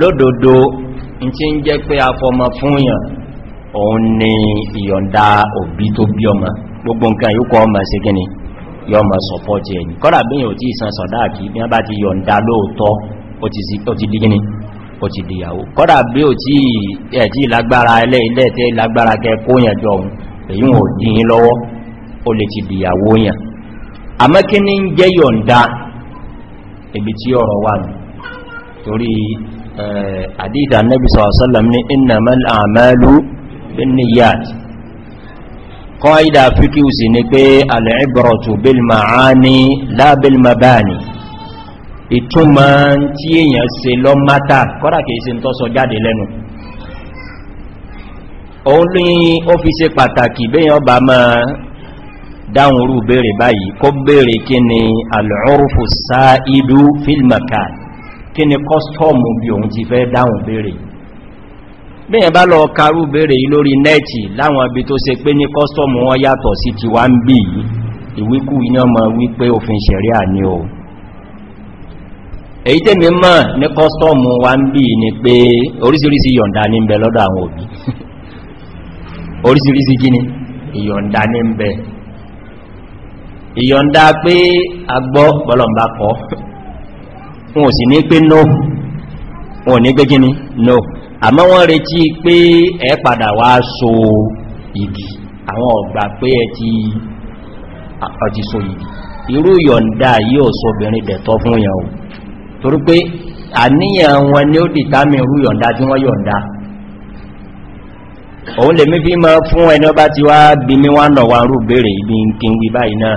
lododo n tí ń jẹ́ pé ni ìyọ̀nda obi bí gbogbo tí ìsan sọ̀dá àkí ó ti di gíní ó ti di ìyàwó kọ́dà bí ò tí ẹ̀tí lágbára ẹlẹ́ ilẹ̀ tẹ́ lágbára kẹ kóyàn jọ ohun èyí wọn ò dín lọ́wọ́ ó lè ti di ìyàwó yàn àmọ́ kí ní ń jẹ́ yọ̀ǹda ibi tí ọ̀rọ̀ wà ní torí àdídà nẹ́bí sọ̀rọ̀sọ́lọ̀m ní ìtúnmọ̀ tí èyàn se lọ mátà kọ́dà kìí se tó sọ jáde lẹ́nu òun ní ó fi se pàtàkì béyàn bá mọ́ dáhùn orú bèèrè báyìí kó bèèrè kí ni al'urufu sa'idu filmaka kí ni kọ́stọ́mù bí òun ti fẹ́ dáhùn bèèrè béyàn bá lọ karú bèèrè lórí nẹ́ẹ̀tì láwọn ibi tó se pé ní kọ́stọ́mù wọn yàtọ̀ sí ti wá ń bí ìwíkú iná mọ̀ wípé òfin ṣẹ̀ríà ni ohun èyí tẹ́mi mọ́ ní kọ́stọ́mù wa ń bí ní pé orísìírísìí yọ̀nda ní ń bẹ lọ́dọ̀ àwọn òbí orísìírísìí gíní ìyọ̀nda ní ń bẹ ìyọ̀nda pé agbọ́ bọ́lọ̀mbá kọ́ wọn ò sì ní pé no wọn ò ní pé gíní no àmọ́ wọ́n retí pé ẹ padà wá so igi àwọn ọ̀gbà pé ẹ ti so igi irú yọ̀nda yóò so dẹ̀tọ́ fún yàn o torí pé àníyàn wọn ni ó dìtàmì irú yọ̀ǹda tí wọ́n yọ̀ǹda òun lè mí fi mọ́ fún ẹni ọba ti wá bí mi wá nọ̀ wá rú bèèrè ibi kí n wí báyìí náà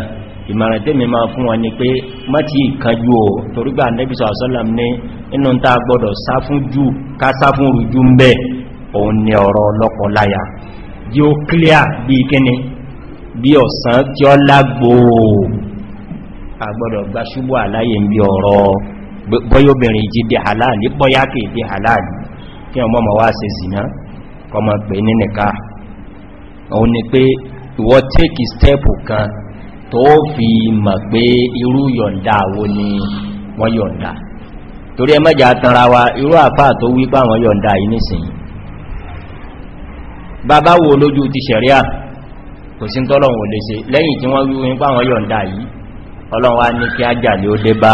ìmọ̀ràn tẹ́mi máa fún wọn ni pé má ti ìkanjú o torígbà nẹ́bìsọ̀ àṣọ́làm ní inú ta gbọdọ̀ sá fún jù ká sá fún rújú ń bẹ́ òun ni ọ̀rọ̀ ọlọ́pọ̀ láyà jí ó clear bí kíni bí ọ̀sán tí ọ lágbòó àgbọdọ̀ gbáṣúgbò àláyé ń bí ọ̀rọ̀ bọ́yọ́bìnrin jíde halali bọ́yákè ìdí halali kí ọmọ ma wá se zìná kọmọ pè ní nìká òun ni pé ìwọ tẹ́kì stẹ́pù kan tó fi mọ̀ pé irú yọ̀ǹda wo ni wọ́n yọ̀ǹda torí ẹmẹ́jà tanra wa irú àfá tó wípá wọ́n yọ̀ǹda yìí nìsìn bàbá wo lójú ti sẹ̀ríà kò sí tọ́lọ̀wọ̀n lè ṣe lẹ́yìn tí wọ́n wíwípá wọ́n yọ̀ǹda yìí ọlọ́wọ́ ní kí ájà lè ó dé bá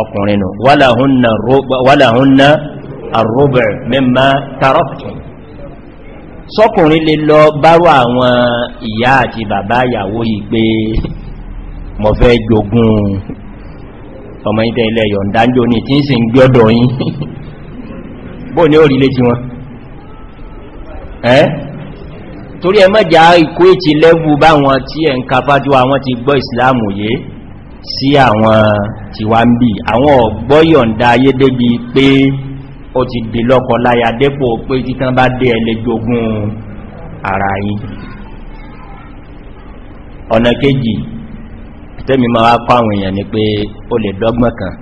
ọkùnrin nù wàláhúnná àrùbẹ̀ mẹ́mà tarọ́pùtùn sọ́kùnrin lè lọ bárò àwọn ìyá àti bàbá ìyàwó yìí pé mọ̀ fẹ́ jogun ọmọ ìtẹ́ ilẹ̀ yọ̀ndájò ní tí ń sì ń gbọ́dọ̀ yìí bóò ní orílẹ̀ tí wọn ẹ́ torí ẹ ikú ìtì báwọn tí ẹ̀ ń kafájú àwọn ti gbọ́ ìsìláàmù yìí sí àwọn tí wá ń bí àwọn ọ̀gbọ́yọ̀ǹda ayé débi pé ó ti dè lọ́kọ láya dépò pé títán bá dé ẹlẹ́ jogun ara yìí ọ̀nà kejì tẹ́mi ma wá pa àwọn èèyàn ni pé o lè dọ́gbọ́n kan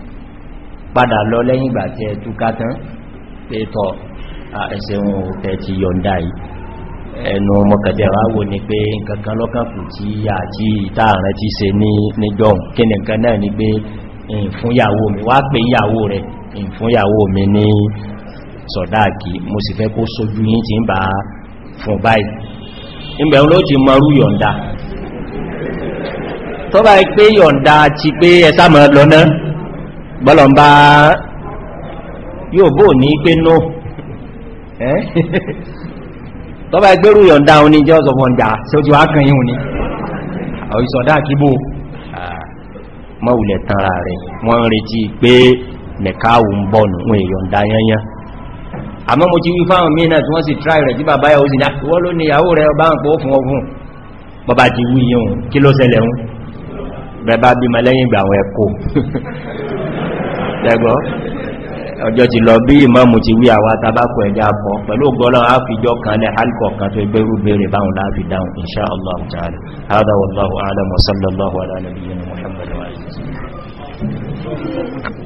padà lọ lẹ́yìn ìgbà tí ẹ pé tọ́ ẹ̀sẹ̀ wọn ò tẹ́ ti yọ̀ǹda yìí ẹnu mọ́kàtẹ̀wà wò ní pé nǹkankan lọ́kànkù tí àti ìta àrẹ ti se ní níjọun kí ni nǹkan náà ní pé ìfúnyàwó mi wá pé ìyàwó rẹ̀ ìfúnyàwó mi ní sọ̀dáàkì mo sì fẹ́ kó sójú yí ti ń bá fún báyìí ìgbẹ̀rún ló ti mọrú yọ̀ǹda tó bá yóò bóò ní pé náà tọ́bà ẹgbẹ́rú yọ̀nda òní jẹ́ ọ̀sọ̀fọ́ ǹdà tí ó ti wá kan yíò ní ọ̀ìsọ̀dá àkíbò mọ́wùlẹ̀ ah, tanra rẹ̀ wọ́n ń retí pé nẹ̀káàwù ń bọ̀nù wọn èyọ̀nda yányán àmọ́ mo ti wí fáwọn mìíràn tí wọ́n sì tráì rẹ̀ tí bàbá yà ọjọ́ ti lọ bí ìmọ́mù ti wí àwá tabakù ẹja pọ̀ pẹ̀lú ọgọ́lọ́ àfijọ́ kan lẹ halkọ̀ kan tó gbérú bèèrè báhùn láàfi dáhùn inṣá allah ta'ala hada wallahu